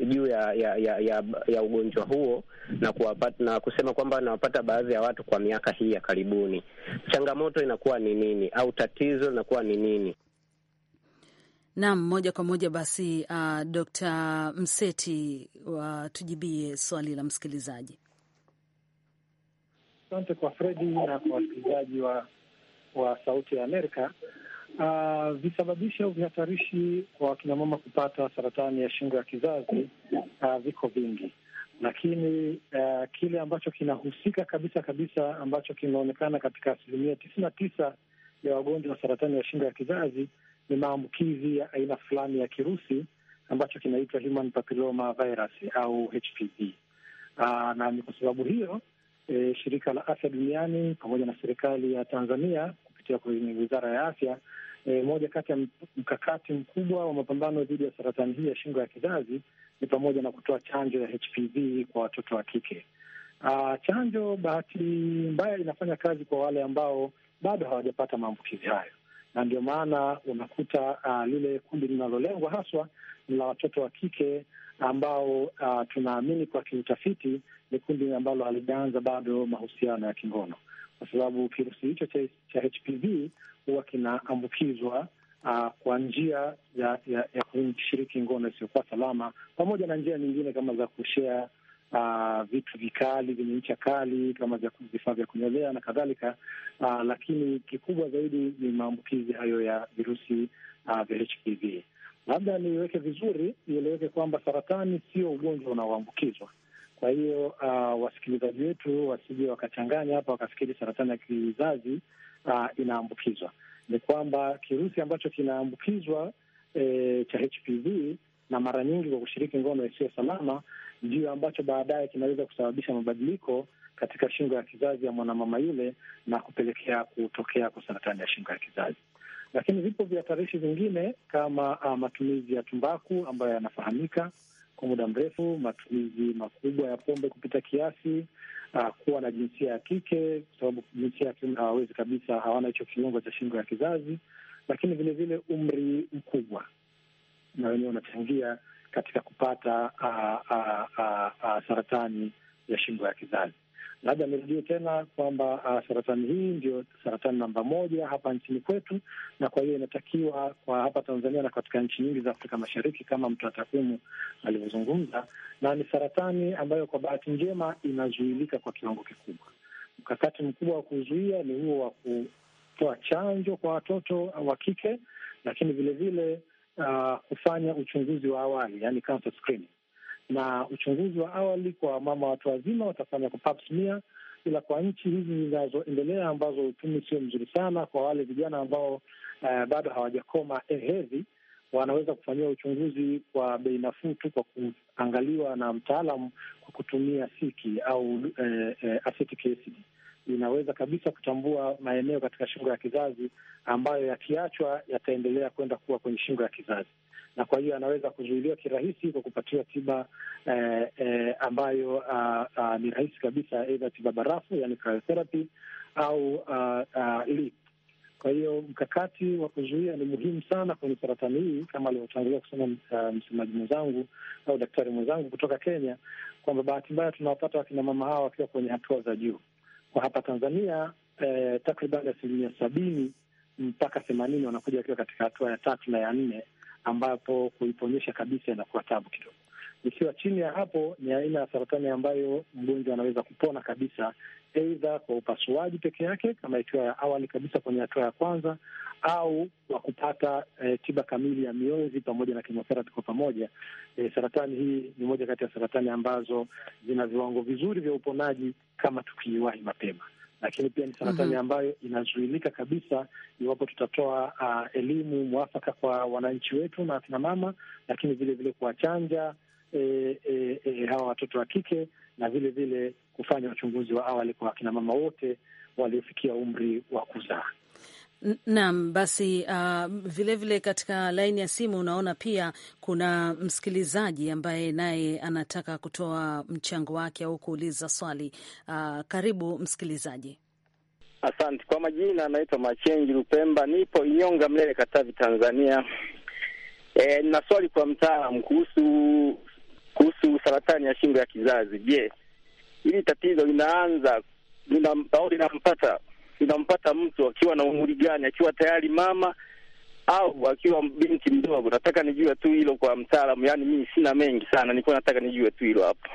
juu ya ya, ya, ya, ya ugonjwa huo na kuwapata, na kusema kwamba nawapata baadhi ya watu kwa miaka hii ya karibuni. Changamoto inakuwa ni nini au tatizo linakuwa ni nini? Naam, moja kwa moja basi, uh, Dr. Mseti, uh, tujibie swali la msikilizaji. Asante kwa Fredi na kwa wasikilizaji wa, wa Sauti ya Amerika. Uh, visababishi au vihatarishi kwa wakinamama kupata saratani ya shingo ya kizazi uh, viko vingi, lakini uh, kile ambacho kinahusika kabisa kabisa ambacho kimeonekana katika asilimia tisini na tisa ya wagonjwa wa saratani ya shingo ya kizazi ni maambukizi ya aina fulani ya kirusi ambacho kinaitwa human papilloma virus au HPV. Uh, na ni kwa sababu hiyo e, shirika la afya duniani pamoja na serikali ya Tanzania kupitia kwenye wizara ya afya e, moja kati ya mkakati mkubwa wa mapambano dhidi ya saratani hii ya shingo ya kizazi ni pamoja na kutoa chanjo ya HPV kwa watoto wa kike. Aa, chanjo bahati mbaya inafanya kazi kwa wale ambao bado hawajapata maambukizi hayo, na ndio maana unakuta uh, lile kundi linalolengwa haswa ni la watoto wa kike ambao uh, tunaamini kwa kiutafiti ni kundi ambalo halijaanza bado mahusiano ya kingono, kwa sababu kirusi hicho cha, cha HPV huwa kinaambukizwa uh, kwa njia ya, ya, ya kushiriki ngono isiyokuwa salama, pamoja na njia nyingine kama za kushea Uh, vitu vikali vyenye ncha kali kama vifaa vya kunyolea na kadhalika. Uh, lakini kikubwa zaidi ni maambukizi hayo ya virusi uh, vya HPV. Labda niweke vizuri, ieleweke kwamba saratani sio ugonjwa unaoambukizwa. Kwa hiyo uh, wasikilizaji wetu wasije wakachanganya hapa wakafikiri saratani ya kizazi uh, inaambukizwa. Ni kwamba kirusi ambacho kinaambukizwa eh, cha HPV na mara nyingi kwa kushiriki ngono isiyo salama ndiyo ambacho baadaye kinaweza kusababisha mabadiliko katika shingo ya kizazi ya mwanamama yule na kupelekea kutokea kwa saratani ya shingo ya kizazi. Lakini vipo vihatarishi vingine kama uh, matumizi ya tumbaku ambayo yanafahamika kwa muda mrefu, matumizi makubwa ya pombe kupita kiasi, uh, kuwa na jinsia ya kike, kwa sababu jinsia ya kiume hawawezi kabisa, hawana hicho kiungo cha shingo ya kizazi, lakini vilevile umri mkubwa na wenyewe unachangia katika kupata uh, uh, uh, uh, saratani ya shingo ya kizazi labda amerudie tena kwamba uh, saratani hii ndio saratani namba moja hapa nchini kwetu, na kwa hiyo inatakiwa kwa hapa Tanzania na katika nchi nyingi za Afrika Mashariki kama mtoa takwimu alivyozungumza, na ni saratani ambayo kwa bahati njema inazuilika kwa kiwango kikubwa. Mkakati mkubwa wa kuzuia ni huo wa kutoa chanjo kwa watoto wa kike, lakini vilevile uh, ah, kufanya uchunguzi wa awali, yani cancer screening na uchunguzi wa awali kwa mama watu wazima watafanya kwa pap smear, ila kwa nchi hizi zinazoendelea ambazo uchumi sio mzuri sana, kwa wale vijana ambao uh, bado hawajakoma eh, hedhi wanaweza kufanyiwa uchunguzi kwa bei nafuu tu kwa kuangaliwa na mtaalam kwa kutumia siki au eh, eh, acetic acid. Inaweza kabisa kutambua maeneo katika shingo ya kizazi ambayo yakiachwa yataendelea kwenda kuwa kwenye shingo ya kizazi na kwa hiyo anaweza kuzuiliwa kirahisi kwa kupatiwa tiba eh, eh, ambayo ah, ah, ni rahisi kabisa, aidha tiba barafu, yani cryotherapy au ah, ah, li. Kwa hiyo mkakati wa kuzuia ni muhimu sana kwenye saratani hii, kama alivyotangulia kusema ah, msemaji mwenzangu au daktari mwenzangu kutoka Kenya kwamba bahati mbaya tunawapata wakinamama hawa wakiwa kwenye hatua za juu. Kwa hapa Tanzania eh, takriban asilimia sabini mpaka themanini wanakuja wakiwa katika hatua ya tatu na ya nne ambapo kuiponyesha kabisa inakuwa tabu kidogo. Ikiwa chini ya hapo, ni aina ya saratani ambayo mgonjwa anaweza kupona kabisa, eidha kwa upasuaji peke yake, kama ikiwa ya awali kabisa kwenye hatua ya kwanza, au kwa kupata eh, tiba kamili ya mionzi pamoja na kemotherapi kwa pamoja. Eh, saratani hii ni moja kati ya saratani ambazo zina viwango vizuri vya uponaji kama tukiiwahi mapema lakini pia ni saratani mm -hmm. ambayo inazuilika kabisa iwapo tutatoa uh, elimu mwafaka kwa wananchi wetu na akina mama, lakini vilevile kuwachanja e, eh, eh, hawa watoto wa kike na vile vile kufanya uchunguzi wa awali kwa akina mama wote waliofikia umri wa kuzaa. Naam, basi uh, vilevile katika laini ya simu unaona pia kuna msikilizaji ambaye naye anataka kutoa mchango wake au kuuliza swali. Uh, karibu msikilizaji. Asante kwa majina, anaitwa Machenji Lupemba, nipo Inyonga, Mlele, Katavi, Tanzania. E, nina swali kwa mtaalamu kuhusu kuhusu saratani ya shingo ya kizazi. Je, hili tatizo linaanza linampata inampata mtu akiwa na umri gani, akiwa tayari mama au akiwa binti mdogo. Nataka nijue tu hilo kwa mtaalamu, yaani mimi sina mengi sana, nilikuwa nataka nijue tu hilo hapo.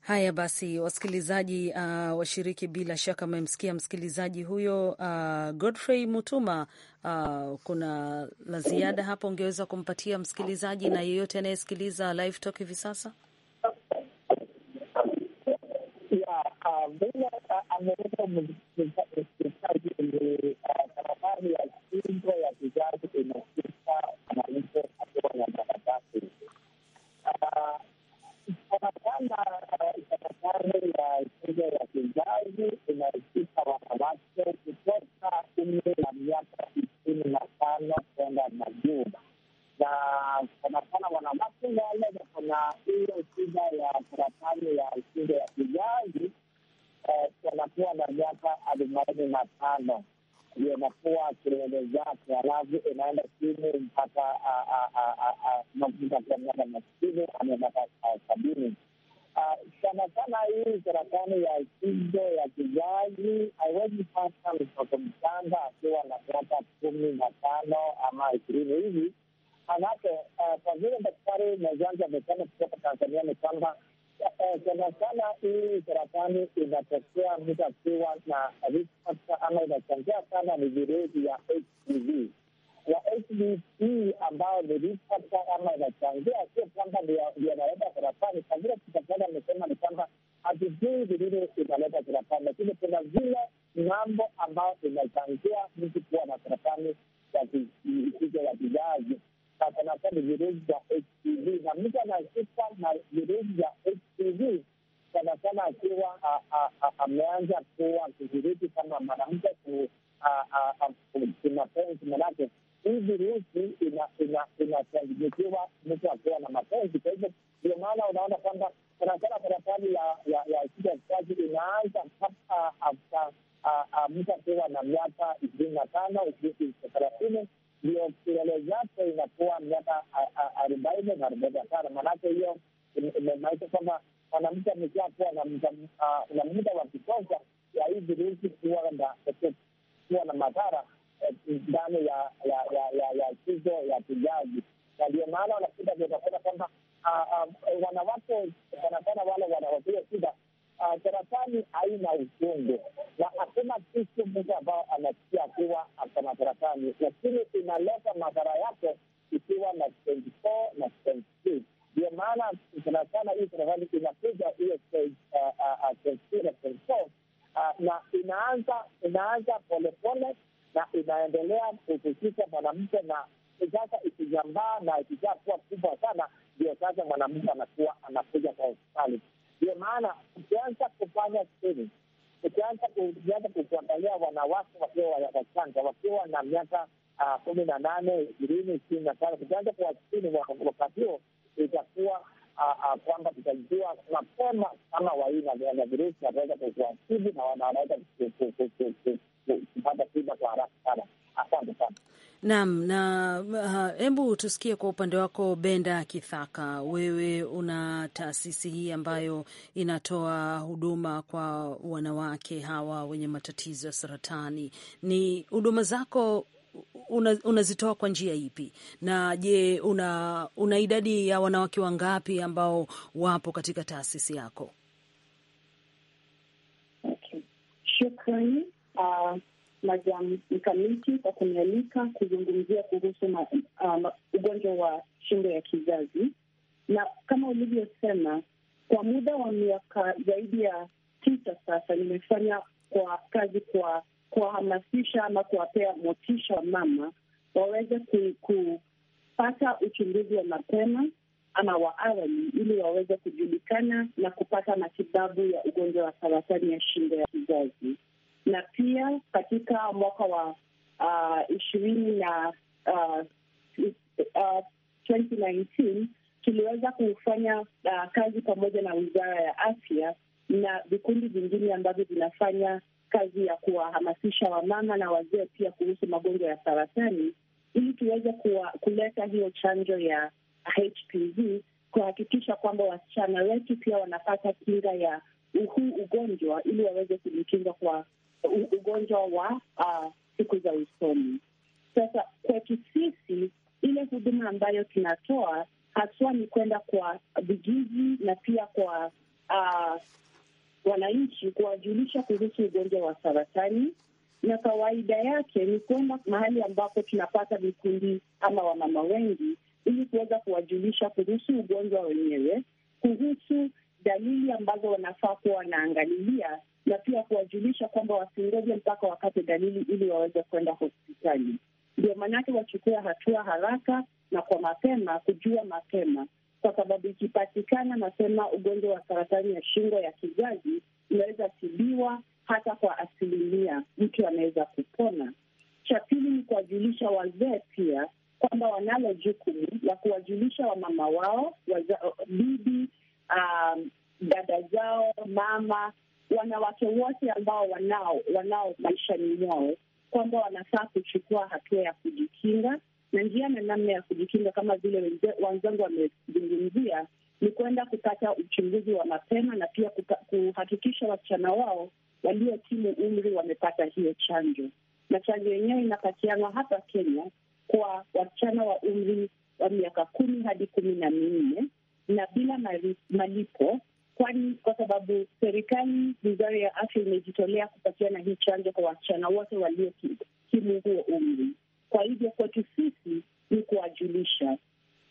Haya basi, wasikilizaji uh, washiriki, bila shaka mmemsikia msikilizaji huyo uh, Godfrey Mutuma. Uh, kuna la ziada hapo ungeweza kumpatia msikilizaji na yeyote anayesikiliza Live Talk hivi sasa? vile ameleta umezikaji kwenye sarakani ah, ya kingo ya kizazi inafika malipo akiwa na maratasi sanakana sarakani ya kingo ya kizazi inahusika wanawake kutoka umri na miaka ishirini na tano kwenda na juu na sanakana wanawake wale ambao anasikia kuwa ako madarakani, lakini inaleta madhara yake ikiwa na na Ndio maana sana sana hii serikali inakuja hiyo uh, uh, uh, na na inaanza inaanza polepole na inaendelea kuhusisha mwanamke na miaka ah, kumi na nane ishirini ishirini na tano tukianza kuwasini wakati huo itakuwa ah, ah, kwamba tutajua mapema kama waina na virusi wataweza kuwasibu na wanaweza kupata tiba kwa haraka sana. Asante sana. Naam, na hebu na, tusikie kwa upande wako Benda Kithaka, wewe una taasisi hii ambayo inatoa huduma kwa wanawake hawa wenye matatizo ya saratani. Ni huduma zako unazitoa una kwa njia ipi? Na je, una, una idadi ya wanawake wangapi ambao wapo katika taasisi yako? Okay. Shukrani uh, Madam Mkamiti kwa kunialika kuzungumzia kuhusu uh, ugonjwa wa shingo ya kizazi, na kama ulivyosema, kwa muda wa miaka zaidi ya tisa sasa nimefanya kwa kazi kwa kuwahamasisha ama kuwapea motisha wa mama waweze kupata uchunguzi wa mapema ama wa awali ili waweze kujulikana na kupata matibabu ya ugonjwa wa saratani ya shingo ya kizazi. Na pia katika mwaka wa ah, ishirini na uh, uh, 2019 tuliweza kufanya uh, kazi pamoja na wizara ya afya na vikundi vingine ambavyo vinafanya kazi ya kuwahamasisha wamama na wazee pia kuhusu magonjwa ya saratani, ili tuweze kuleta hiyo chanjo ya HPV kuhakikisha kwamba wasichana wetu pia wanapata kinga ya huu ugonjwa ili waweze kujikinga kwa ugonjwa wa uh, siku za usoni. Sasa kwetu sisi, ile huduma ambayo tunatoa haswa ni kwenda kwa vijiji na pia kwa uh, wananchi kuwajulisha kuhusu ugonjwa wa saratani, na kawaida yake ni kwenda mahali ambapo tunapata vikundi ama wamama wengi, ili kuweza kuwajulisha kuhusu ugonjwa wenyewe, kuhusu dalili ambazo wanafaa kuwa wanaangalilia, na pia kuwajulisha kwamba wasingoje mpaka wakate dalili ili waweze kwenda hospitali. Ndio maanake wachukua hatua haraka na kwa mapema, kujua mapema kwa sababu ikipatikana mapema, ugonjwa wa saratani ya shingo ya kizazi unaweza tibiwa hata kwa asilimia, mtu anaweza kupona. Cha pili ni kuwajulisha wazee pia kwamba wanalo jukumu la kuwajulisha wamama wao, waza, bibi, um, dada zao, mama, wanawake wote ambao wanao wanao maishani mwao kwamba wanafaa kuchukua hatua ya kujikinga na njia na namna ya kujikinga kama vile wenzangu wamezungumzia, ni kuenda kupata uchunguzi wa mapema na pia kuhakikisha wasichana wao waliotimu umri wamepata hiyo chanjo, na chanjo yenyewe inapatianwa hapa Kenya kwa wasichana wa umri wa miaka kumi hadi kumi na minne na bila malipo, kwani kwa sababu serikali, wizara ya afya imejitolea kupatiana hii chanjo kwa wasichana wote waliotimu huo umri. Kwa hivyo kwetu sisi ni kuwajulisha.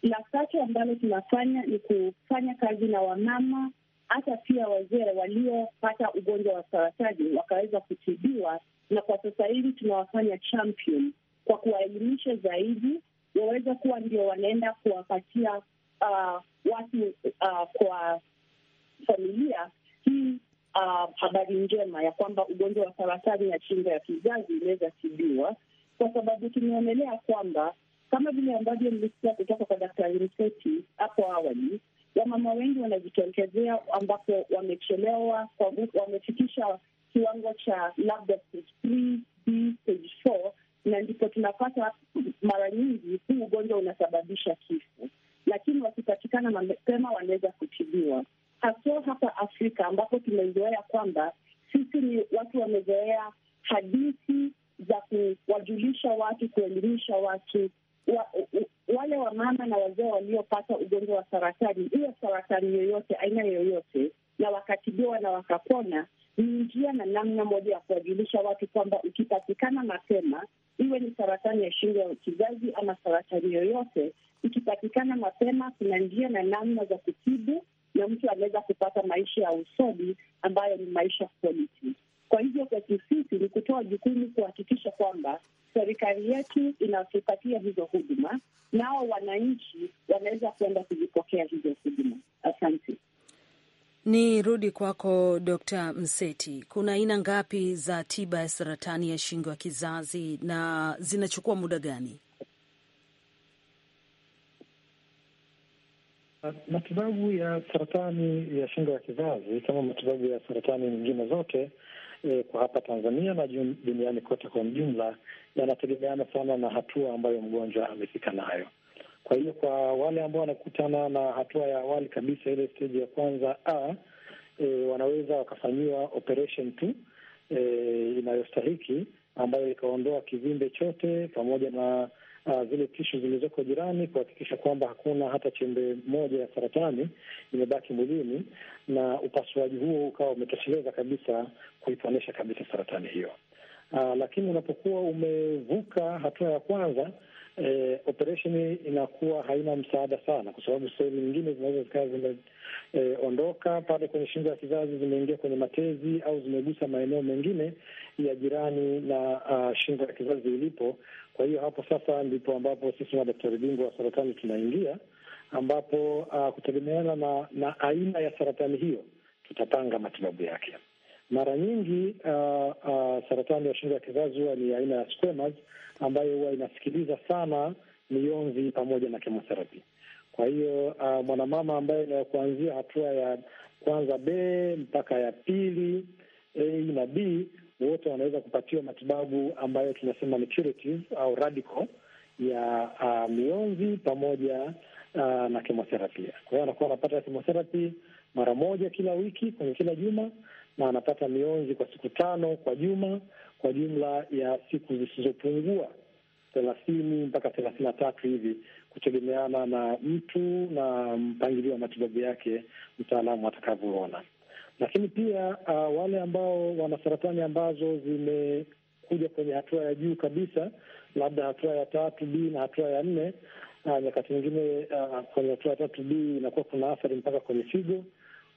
La tatu ambalo tunafanya ni kufanya kazi na wamama, hata pia wazee waliopata ugonjwa wa saratani wakaweza kutibiwa, na kwa sasa hivi tunawafanya champion kwa kuwaelimisha zaidi, waweza kuwa ndio wanaenda kuwapatia uh, watu uh, kwa familia hii uh, habari njema ya kwamba ugonjwa wa saratani ya shingo ya kizazi inaweza tibiwa kwa sababu tumeonelea kwamba kama vile ambavyo mlisikia kutoka kwa Daktari Mseti hapo awali, wamama wengi wanajitokezea ambapo wamechelewa, wamefikisha kiwango cha labda stage three B, stage four, na ndipo tunapata mara nyingi huu ugonjwa unasababisha kifo, lakini wakipatikana mapema wanaweza kutibiwa, haswa hapa Afrika ambapo tumezoea kwamba sisi ni watu wamezoea hadithi za kuwajulisha watu, kuelimisha watu wa, wale wamama na wazee waliopata ugonjwa wa saratani, hiyo saratani yoyote aina yoyote, na wakatibiwa na wakapona, ni njia na namna moja ya kuwajulisha watu kwamba ukipatikana mapema, iwe ni saratani ya shingo ya kizazi ama saratani yoyote, ikipatikana mapema, kuna njia na namna za kutibu, na mtu anaweza kupata maisha ya usoni ambayo ni maisha quality. Kwa hivyo kwetu sisi ni kutoa jukumu kuhakikisha kwamba serikali yetu inatupatia hizo huduma, nao wananchi wanaweza kuenda kuzipokea hizo huduma. Asante. Ni rudi kwako Dr. Mseti, kuna aina ngapi za tiba ya saratani ya shingo ya kizazi na zinachukua muda gani? Matibabu ya saratani ya shingo ya kizazi kama matibabu ya saratani nyingine zote e, kwa hapa Tanzania na duniani kote kwa mjumla, yanategemeana sana na hatua ambayo mgonjwa amefika nayo. Kwa hiyo kwa wale ambao wanakutana na hatua ya awali kabisa, ile steji ya kwanza a e, wanaweza wakafanyiwa operation tu e, inayostahiki ambayo ikaondoa kivimbe chote pamoja na uh, zile tishu zilizoko jirani kuhakikisha kwamba hakuna hata chembe moja ya saratani imebaki mwilini, na upasuaji huo ukawa umetosheleza kabisa kuiponesha kabisa saratani hiyo. Uh, lakini unapokuwa umevuka hatua ya kwanza eh, operesheni inakuwa haina msaada sana, kwa sababu sehemu nyingine zinaweza zikawa zimeondoka eh, pale kwenye shingo ya kizazi, zimeingia kwenye matezi au zimegusa maeneo mengine ya jirani na uh, shingo ya kizazi ilipo, kwa hiyo hapo sasa ndipo ambapo sisi madaktari bingwa wa saratani tunaingia, ambapo uh, kutegemeana na, na aina ya saratani hiyo tutapanga matibabu yake. Mara nyingi uh, uh, saratani ya shingo ya kizazi huwa ni aina ya squamous ambayo huwa inasikiliza sana mionzi pamoja na chemotherapy. Kwa hiyo uh, mwanamama ambaye inayokuanzia hatua ya kwanza B mpaka ya pili A na B wote wanaweza kupatiwa matibabu ambayo tunasema ni curative au radical ya uh, mionzi pamoja uh, na kemotherapia. Kwa hiyo anakuwa anapata kemotherapi mara moja kila wiki kwenye kila juma, na anapata mionzi kwa siku tano kwa juma, kwa jumla ya siku zisizopungua thelathini mpaka thelathini na tatu hivi kutegemeana na mtu na mpangilio wa matibabu yake mtaalamu atakavyoona. Lakini pia uh, wale ambao wana saratani ambazo zimekuja kwenye hatua ya juu kabisa, labda hatua ya tatu B na hatua ya nne. Uh, nyakati nyingine uh, kwenye hatua ya tatu B inakuwa kuna athari mpaka kwenye figo,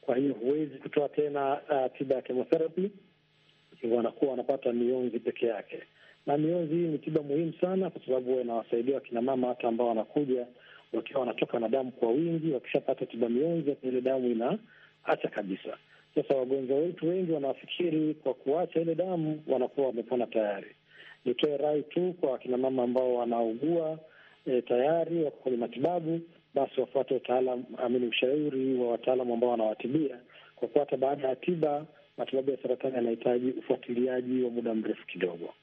kwa hiyo huwezi kutoa tena uh, tiba ya chemotherapy, wanakuwa wanapata mionzi peke yake, na mionzi hii ni tiba muhimu sana, kwa sababu huwa inawasaidia wakinamama hata ambao wanakuja wakiwa wanatoka na damu kwa wingi. Wakishapata tiba mionzi, ile damu inaacha kabisa. Sasa wagonjwa wetu wengi wanafikiri kwa kuacha ile damu wanakuwa wamepona tayari. Nitoe rai tu kwa akinamama ambao wanaugua e, tayari wako kwenye matibabu, basi wafuate utaalam amini, ushauri wa wataalamu ambao wanawatibia, kwa kuwa hata baada ya tiba matibabu ya saratani yanahitaji ufuatiliaji wa muda mrefu kidogo.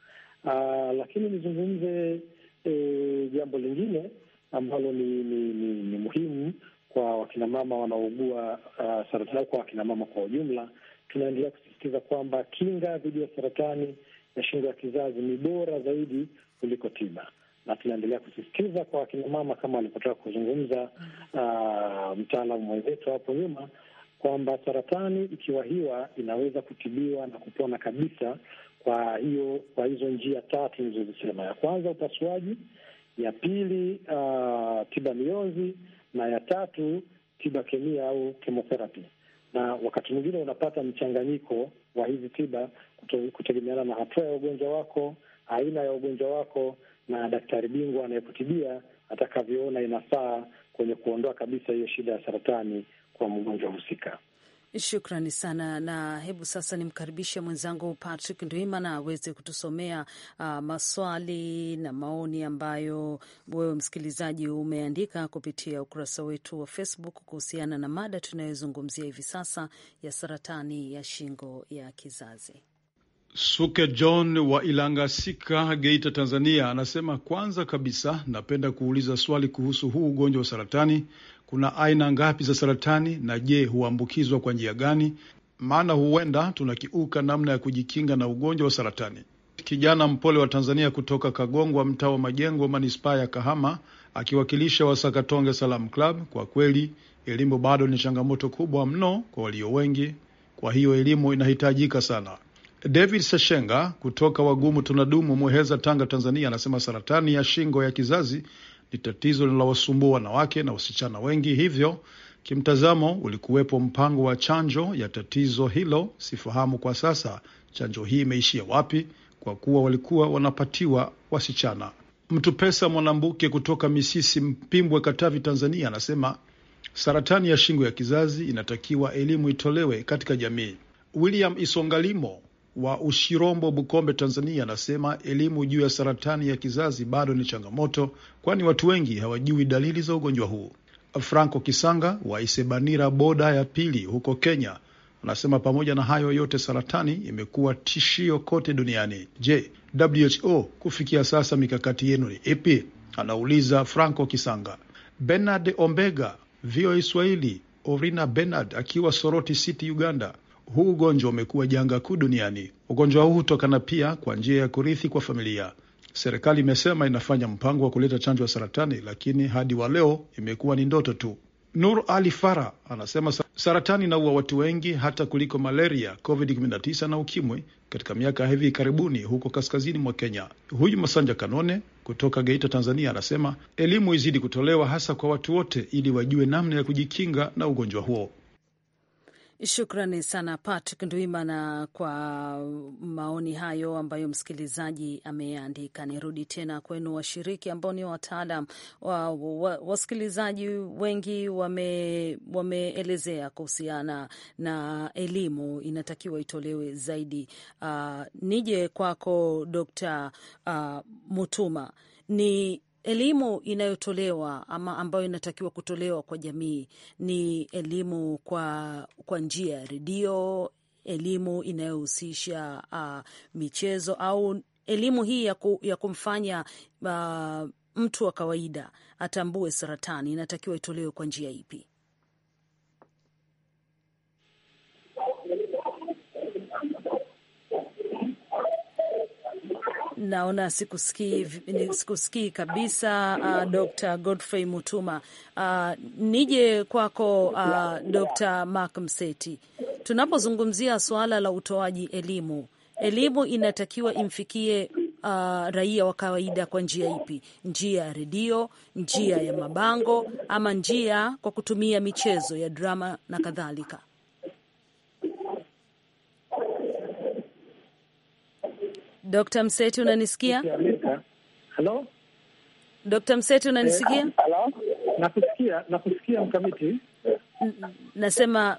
Aa, ah, lakini nizungumze e, jambo lingine ambalo ni, ni, ni, ni muhimu kwa wakinamama wanaougua uh, saratani, kwa wakinamama kwa ujumla, tunaendelea kusisitiza kwamba kinga dhidi ya saratani ya shingo ya kizazi ni bora zaidi kuliko tiba, na tunaendelea kusisitiza kwa wakinamama kama alivyotaka kuzungumza uh, mtaalamu mwenzetu hapo nyuma kwamba saratani ikiwahiwa inaweza kutibiwa na kupona kabisa. Kwa hiyo kwa hizo njia tatu nilizozisema, ya kwanza upasuaji, ya pili uh, tiba mionzi na ya tatu tiba kemia au chemotherapy. Na wakati mwingine unapata mchanganyiko wa hizi tiba kutegemeana na hatua ya ugonjwa wako, aina ya ugonjwa wako, na daktari bingwa anayekutibia atakavyoona inafaa kwenye kuondoa kabisa hiyo shida ya saratani kwa mgonjwa husika. Shukrani sana, na hebu sasa nimkaribishe mwenzangu Patrick Ndwimana aweze kutusomea uh, maswali na maoni ambayo wewe msikilizaji umeandika kupitia ukurasa wetu wa Facebook kuhusiana na mada tunayozungumzia hivi sasa ya saratani ya shingo ya kizazi. Suke John wa Ilangasika, Geita, Tanzania, anasema kwanza kabisa, napenda kuuliza swali kuhusu huu ugonjwa wa saratani kuna aina ngapi za saratani na je, huambukizwa kwa njia gani? Maana huenda tunakiuka namna ya kujikinga na ugonjwa wa saratani. Kijana mpole wa Tanzania kutoka Kagongwa, mtaa wa Majengo, manispaa ya Kahama, akiwakilisha Wasakatonge Salam Club. Kwa kweli elimu bado ni changamoto kubwa mno kwa walio wengi, kwa hiyo elimu inahitajika sana. David Seshenga kutoka Wagumu Tunadumu, Muheza, Tanga, Tanzania, anasema saratani ya shingo ya kizazi ni tatizo linalowasumbua wanawake na wasichana wengi, hivyo kimtazamo ulikuwepo mpango wa chanjo ya tatizo hilo. Sifahamu kwa sasa chanjo hii imeishia wapi, kwa kuwa walikuwa wanapatiwa wasichana. Mtu pesa Mwanambuke kutoka Misisi Mpimbwe, Katavi, Tanzania, anasema saratani ya shingo ya kizazi inatakiwa elimu itolewe katika jamii. William Isongalimo wa Ushirombo, Bukombe, Tanzania, anasema elimu juu ya saratani ya kizazi bado ni changamoto, kwani watu wengi hawajui dalili za ugonjwa huu. Franco Kisanga wa Isebanira, boda ya pili huko Kenya, anasema pamoja na hayo yote, saratani imekuwa tishio kote duniani. Je, WHO kufikia sasa mikakati yenu ni ipi? Anauliza Franco Kisanga. Bernard Ombega, VOA Swahili. Orina Bernard akiwa Soroti City, Uganda, huu ugonjwa umekuwa janga kuu duniani. Ugonjwa huu hutokana pia kwa njia ya kurithi kwa familia. Serikali imesema inafanya mpango wa kuleta chanjo ya saratani, lakini hadi wa leo imekuwa ni ndoto tu. Nur Ali Fara anasema saratani inaua watu wengi hata kuliko malaria, COVID-19 na ukimwi katika miaka ya hivi karibuni huko kaskazini mwa Kenya. Huyu Masanja Kanone kutoka Geita, Tanzania, anasema elimu izidi kutolewa hasa kwa watu wote, ili wajue namna ya kujikinga na ugonjwa huo. Shukrani sana Patrick Ndwimana kwa maoni hayo ambayo msikilizaji ameandika. Nirudi tena kwenu washiriki ambao ni wataalam wa, wa, wasikilizaji wengi wame, wameelezea kuhusiana na elimu inatakiwa itolewe zaidi. Uh, nije kwako Dkt. uh, ah, Mutuma ni elimu inayotolewa ama ambayo inatakiwa kutolewa kwa jamii ni elimu kwa, kwa njia ya redio, elimu inayohusisha uh, michezo au elimu hii ya, ku, ya kumfanya uh, mtu wa kawaida atambue saratani inatakiwa itolewe kwa njia ipi? Naona sikusikii sikusikii kabisa. Uh, Dr. Godfrey Mutuma, uh, nije kwako uh, Dr. Mark Mseti, tunapozungumzia suala la utoaji elimu, elimu inatakiwa imfikie Uh, raia wa kawaida kwa njia ipi? Njia ya redio, njia ya mabango, ama njia kwa kutumia michezo ya drama na kadhalika? Dr. Mseti unanisikia? Halo? Dr. Mseti unanisikia? Halo? Eh, ah, nakusikia, nakusikia mkamiti. Nasema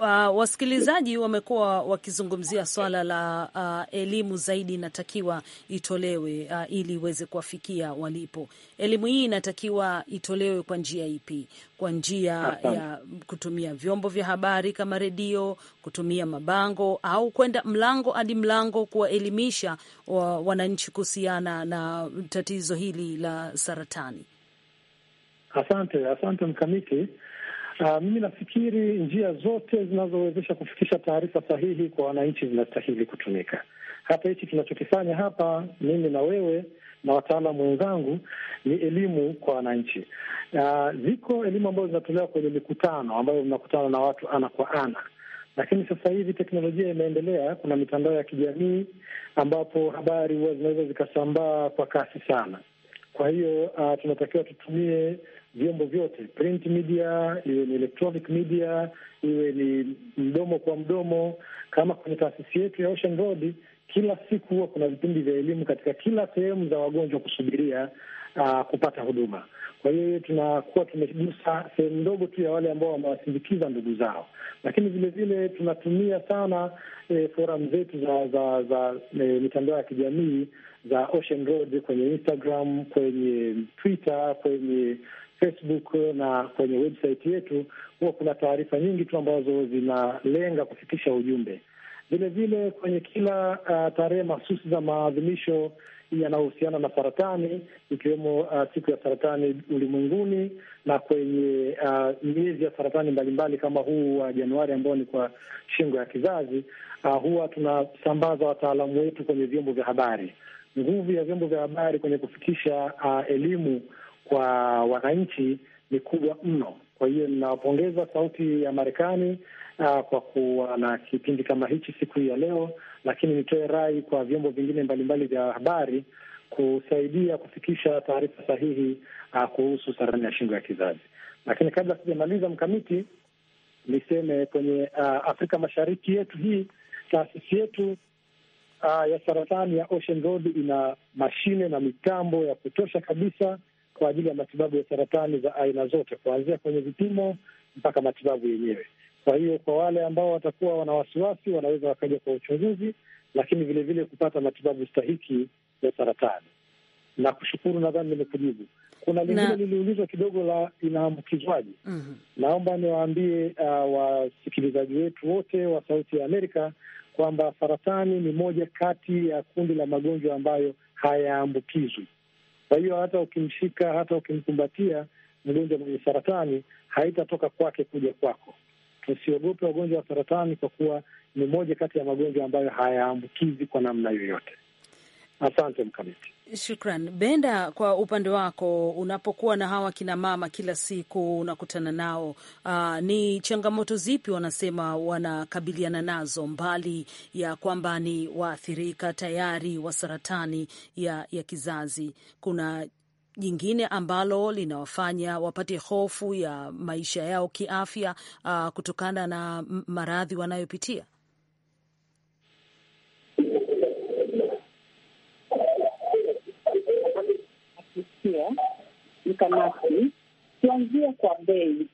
uh, wasikilizaji wamekuwa wakizungumzia swala la uh, elimu zaidi inatakiwa itolewe uh, ili iweze kuwafikia walipo. Elimu hii inatakiwa itolewe kwa njia ipi? Kwa njia ya kutumia vyombo vya habari kama redio, kutumia mabango, au kwenda mlango hadi mlango kuwaelimisha wa uh, wananchi kuhusiana na tatizo hili la saratani? Asante, asante mkamiti. Uh, mimi nafikiri njia zote zinazowezesha kufikisha taarifa sahihi kwa wananchi zinastahili kutumika. Hata hichi tunachokifanya hapa, mimi na wewe na wataalam wenzangu, ni elimu kwa wananchi. Uh, ziko elimu ambazo zinatolewa kwenye mikutano ambayo mnakutana na watu ana kwa ana lakini sasa hivi teknolojia imeendelea. Kuna mitandao ya kijamii ambapo habari huwa zinaweza zikasambaa kwa kasi sana. Kwa hiyo uh, tunatakiwa tutumie vyombo vyote, print media, iwe ni electronic media, iwe ni mdomo kwa mdomo. Kama kwenye taasisi yetu ya Ocean Road, kila siku huwa kuna vipindi vya elimu katika kila sehemu za wagonjwa kusubiria uh, kupata huduma. Kwa hiyo tunakuwa tumegusa sehemu ndogo tu ya wale ambao wamewasindikiza ndugu zao, lakini vilevile tunatumia sana e, forum zetu za za za e, mitandao ya kijamii za Ocean Road kwenye Instagram, kwenye Twitter, kwenye Facebook na kwenye website yetu, huwa kuna taarifa nyingi tu ambazo zinalenga kufikisha ujumbe. Vilevile kwenye kila uh, tarehe mahususi za maadhimisho yanayohusiana na saratani ikiwemo uh, siku ya saratani ulimwenguni na kwenye uh, miezi ya saratani mbalimbali kama huu wa uh, Januari ambao ni kwa shingo ya kizazi uh, huwa tunasambaza wataalamu wetu kwenye vyombo vya habari. Nguvu ya vyombo vya habari kwenye kufikisha uh, elimu kwa wananchi ni kubwa mno. Kwa hiyo ninawapongeza Sauti ya Marekani uh, kwa kuwa na kipindi kama hichi siku hii ya leo, lakini nitoe rai kwa vyombo vingine mbalimbali vya habari kusaidia kufikisha taarifa sahihi uh, kuhusu sarani ya shingo ya kizazi. Lakini kabla sijamaliza, mkamiti, niseme kwenye uh, Afrika Mashariki yetu hii taasisi yetu uh, ya saratani ya Ocean Road ina mashine na mitambo ya kutosha kabisa kwa ajili ya matibabu ya saratani za aina zote, kuanzia kwenye vipimo mpaka matibabu yenyewe. Kwa hiyo kwa wale ambao watakuwa wana wasiwasi, wanaweza wakaja kwa uchunguzi, lakini vilevile vile kupata matibabu stahiki ya saratani. Na kushukuru, nadhani nimekujibu. Kuna lingine liliulizwa kidogo la inaambukizwaji. mm -hmm. Naomba niwaambie uh, wasikilizaji wetu wote wa Sauti ya Amerika kwamba saratani ni moja kati ya kundi la magonjwa ambayo hayaambukizwi kwa hiyo hata ukimshika, hata ukimkumbatia mgonjwa mwenye saratani, haitatoka kwake kuja kwako. Tusiogope wagonjwa wa saratani, kwa kuwa ni moja kati ya magonjwa ambayo hayaambukizi kwa namna yoyote. Asante mkamiti, shukran. Benda, kwa upande wako, unapokuwa na hawa kina mama kila siku unakutana nao, uh, ni changamoto zipi wanasema wanakabiliana nazo, mbali ya kwamba ni waathirika tayari wa saratani ya, ya kizazi? Kuna jingine ambalo linawafanya wapate hofu ya maisha yao kiafya, uh, kutokana na maradhi wanayopitia? kuangalia mkamati, kuanzia kwa bei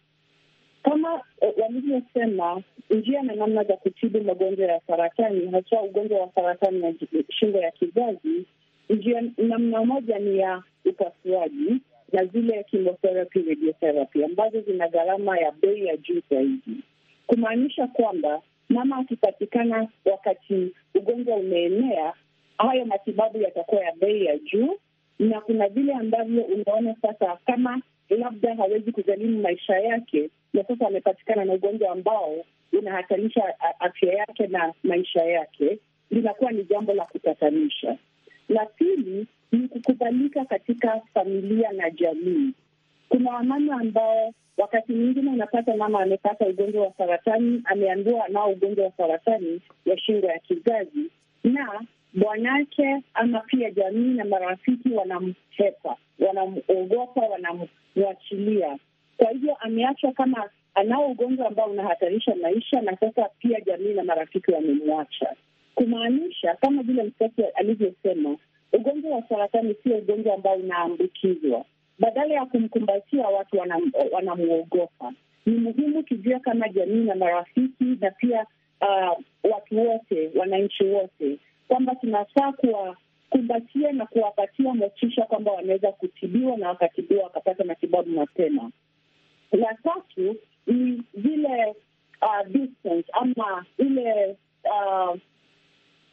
kama eh, walivyosema njia na namna za kutibu magonjwa ya saratani, haswa ugonjwa wa saratani na shingo ya kizazi. Njia namna moja ni ya upasuaji na zile chemotherapy, radiotherapy ambazo zina gharama ya bei ya juu zaidi, kumaanisha kwamba mama akipatikana wakati ugonjwa umeenea, hayo matibabu yatakuwa ya bei ya juu na kuna vile ambavyo unaona sasa, kama labda hawezi kuzalimu maisha yake, na sasa amepatikana na ugonjwa ambao unahatarisha afya yake na maisha yake, linakuwa ni jambo la kutatanisha. La pili ni kukubalika katika familia na jamii. Kuna wamama ambao wakati mwingine unapata mama amepata ugonjwa wa saratani, ameambiwa anao ugonjwa wa saratani ya shingo ya kizazi, na bwanake ama pia jamii na marafiki wanamhepa, wanamogopa, wanamwachilia. Kwa hivyo ameachwa kama anao ugonjwa ambao unahatarisha maisha, na sasa pia jamii na marafiki wamemwacha, kumaanisha kama vile msasi alivyosema, ugonjwa wa saratani sio ugonjwa ambao unaambukizwa. Badala ya kumkumbatia watu wanamwogopa, wana ni muhimu tujue kama jamii na marafiki na pia uh, watu wote, wananchi wote kwamba tunafaa kuwakumbatia na kuwapatia motisha kwamba wanaweza kutibiwa na wakatibiwa wakapata matibabu mapema. La tatu ni zile uh, distance ama ile uh,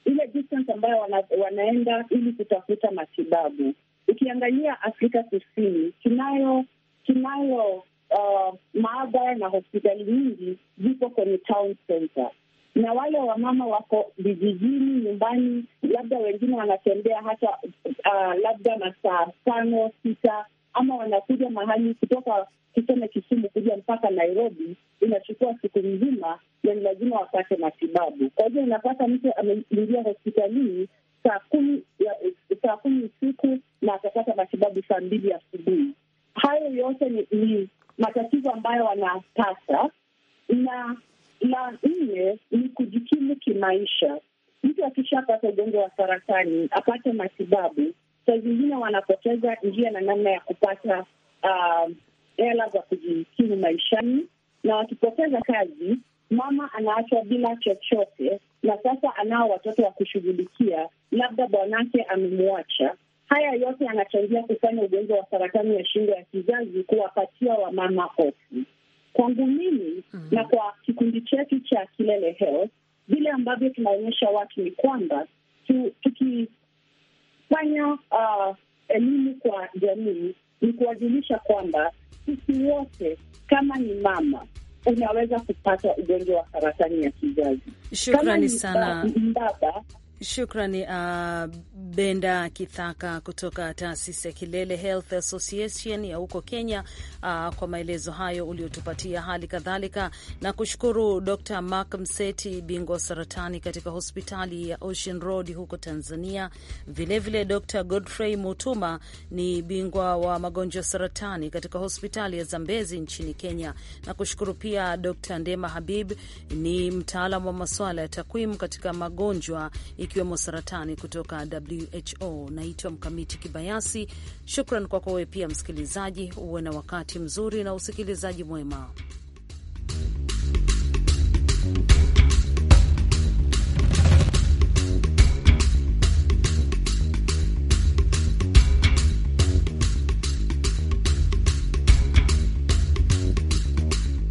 ile distance ambayo wana, wanaenda ili kutafuta matibabu. Ukiangalia Afrika Kusini tunayo tunayo uh, maabara na hospitali nyingi ziko kwenye town center na wale wamama wako vijijini nyumbani, labda wengine wanatembea hata uh, labda masaa tano sita, ama wanakuja mahali kutoka tuseme Kisumu kuja mpaka Nairobi, inachukua siku nzima na ni lazima wapate matibabu. Kwa hivyo unapata mtu ameingia hospitalini saa kumi saa kumi usiku na akapata matibabu saa mbili asubuhi. Hayo yote ni, ni matatizo ambayo wanapata na la nne ni kujikimu kimaisha. Mtu akishapata ugonjwa wa saratani apate matibabu, saa zingine wanapoteza njia na namna ya kupata um, hela uh, za kujikimu maishani, na wakipoteza kazi, mama anaachwa bila chochote, na sasa anao watoto wa kushughulikia, labda bwanake amemwacha. Haya yote yanachangia kufanya ugonjwa wa saratani ya shingo ya kizazi kuwapatia wamama hofu. Kwangu mimi mm -hmm. na kwa kikundi chetu cha Kilele Health, vile ambavyo tunaonyesha watu ni kwamba tukifanya uh, elimu kwa jamii ni kuwajulisha kwamba sisi wote, kama ni mama unaweza kupata ugonjwa wa saratani ya kizazi. Shukrani sana mbaba Shukrani uh, Benda Kithaka kutoka taasisi ya Kilele Health Association ya huko Kenya, uh, kwa maelezo hayo uliotupatia. Hali kadhalika na kushukuru Dr Mark Mseti, bingwa saratani katika hospitali ya Ocean Road huko Tanzania. Vilevile Dr Godfrey Mutuma ni bingwa wa magonjwa ya saratani katika hospitali ya Zambezi nchini Kenya. Na kushukuru pia Dr Ndema Habib, ni mtaalam wa masuala ya takwimu katika magonjwa ikiwemo saratani kutoka WHO. Naitwa Mkamiti Kibayasi. Shukran kwako wewe pia msikilizaji, uwe na wakati mzuri na usikilizaji mwema.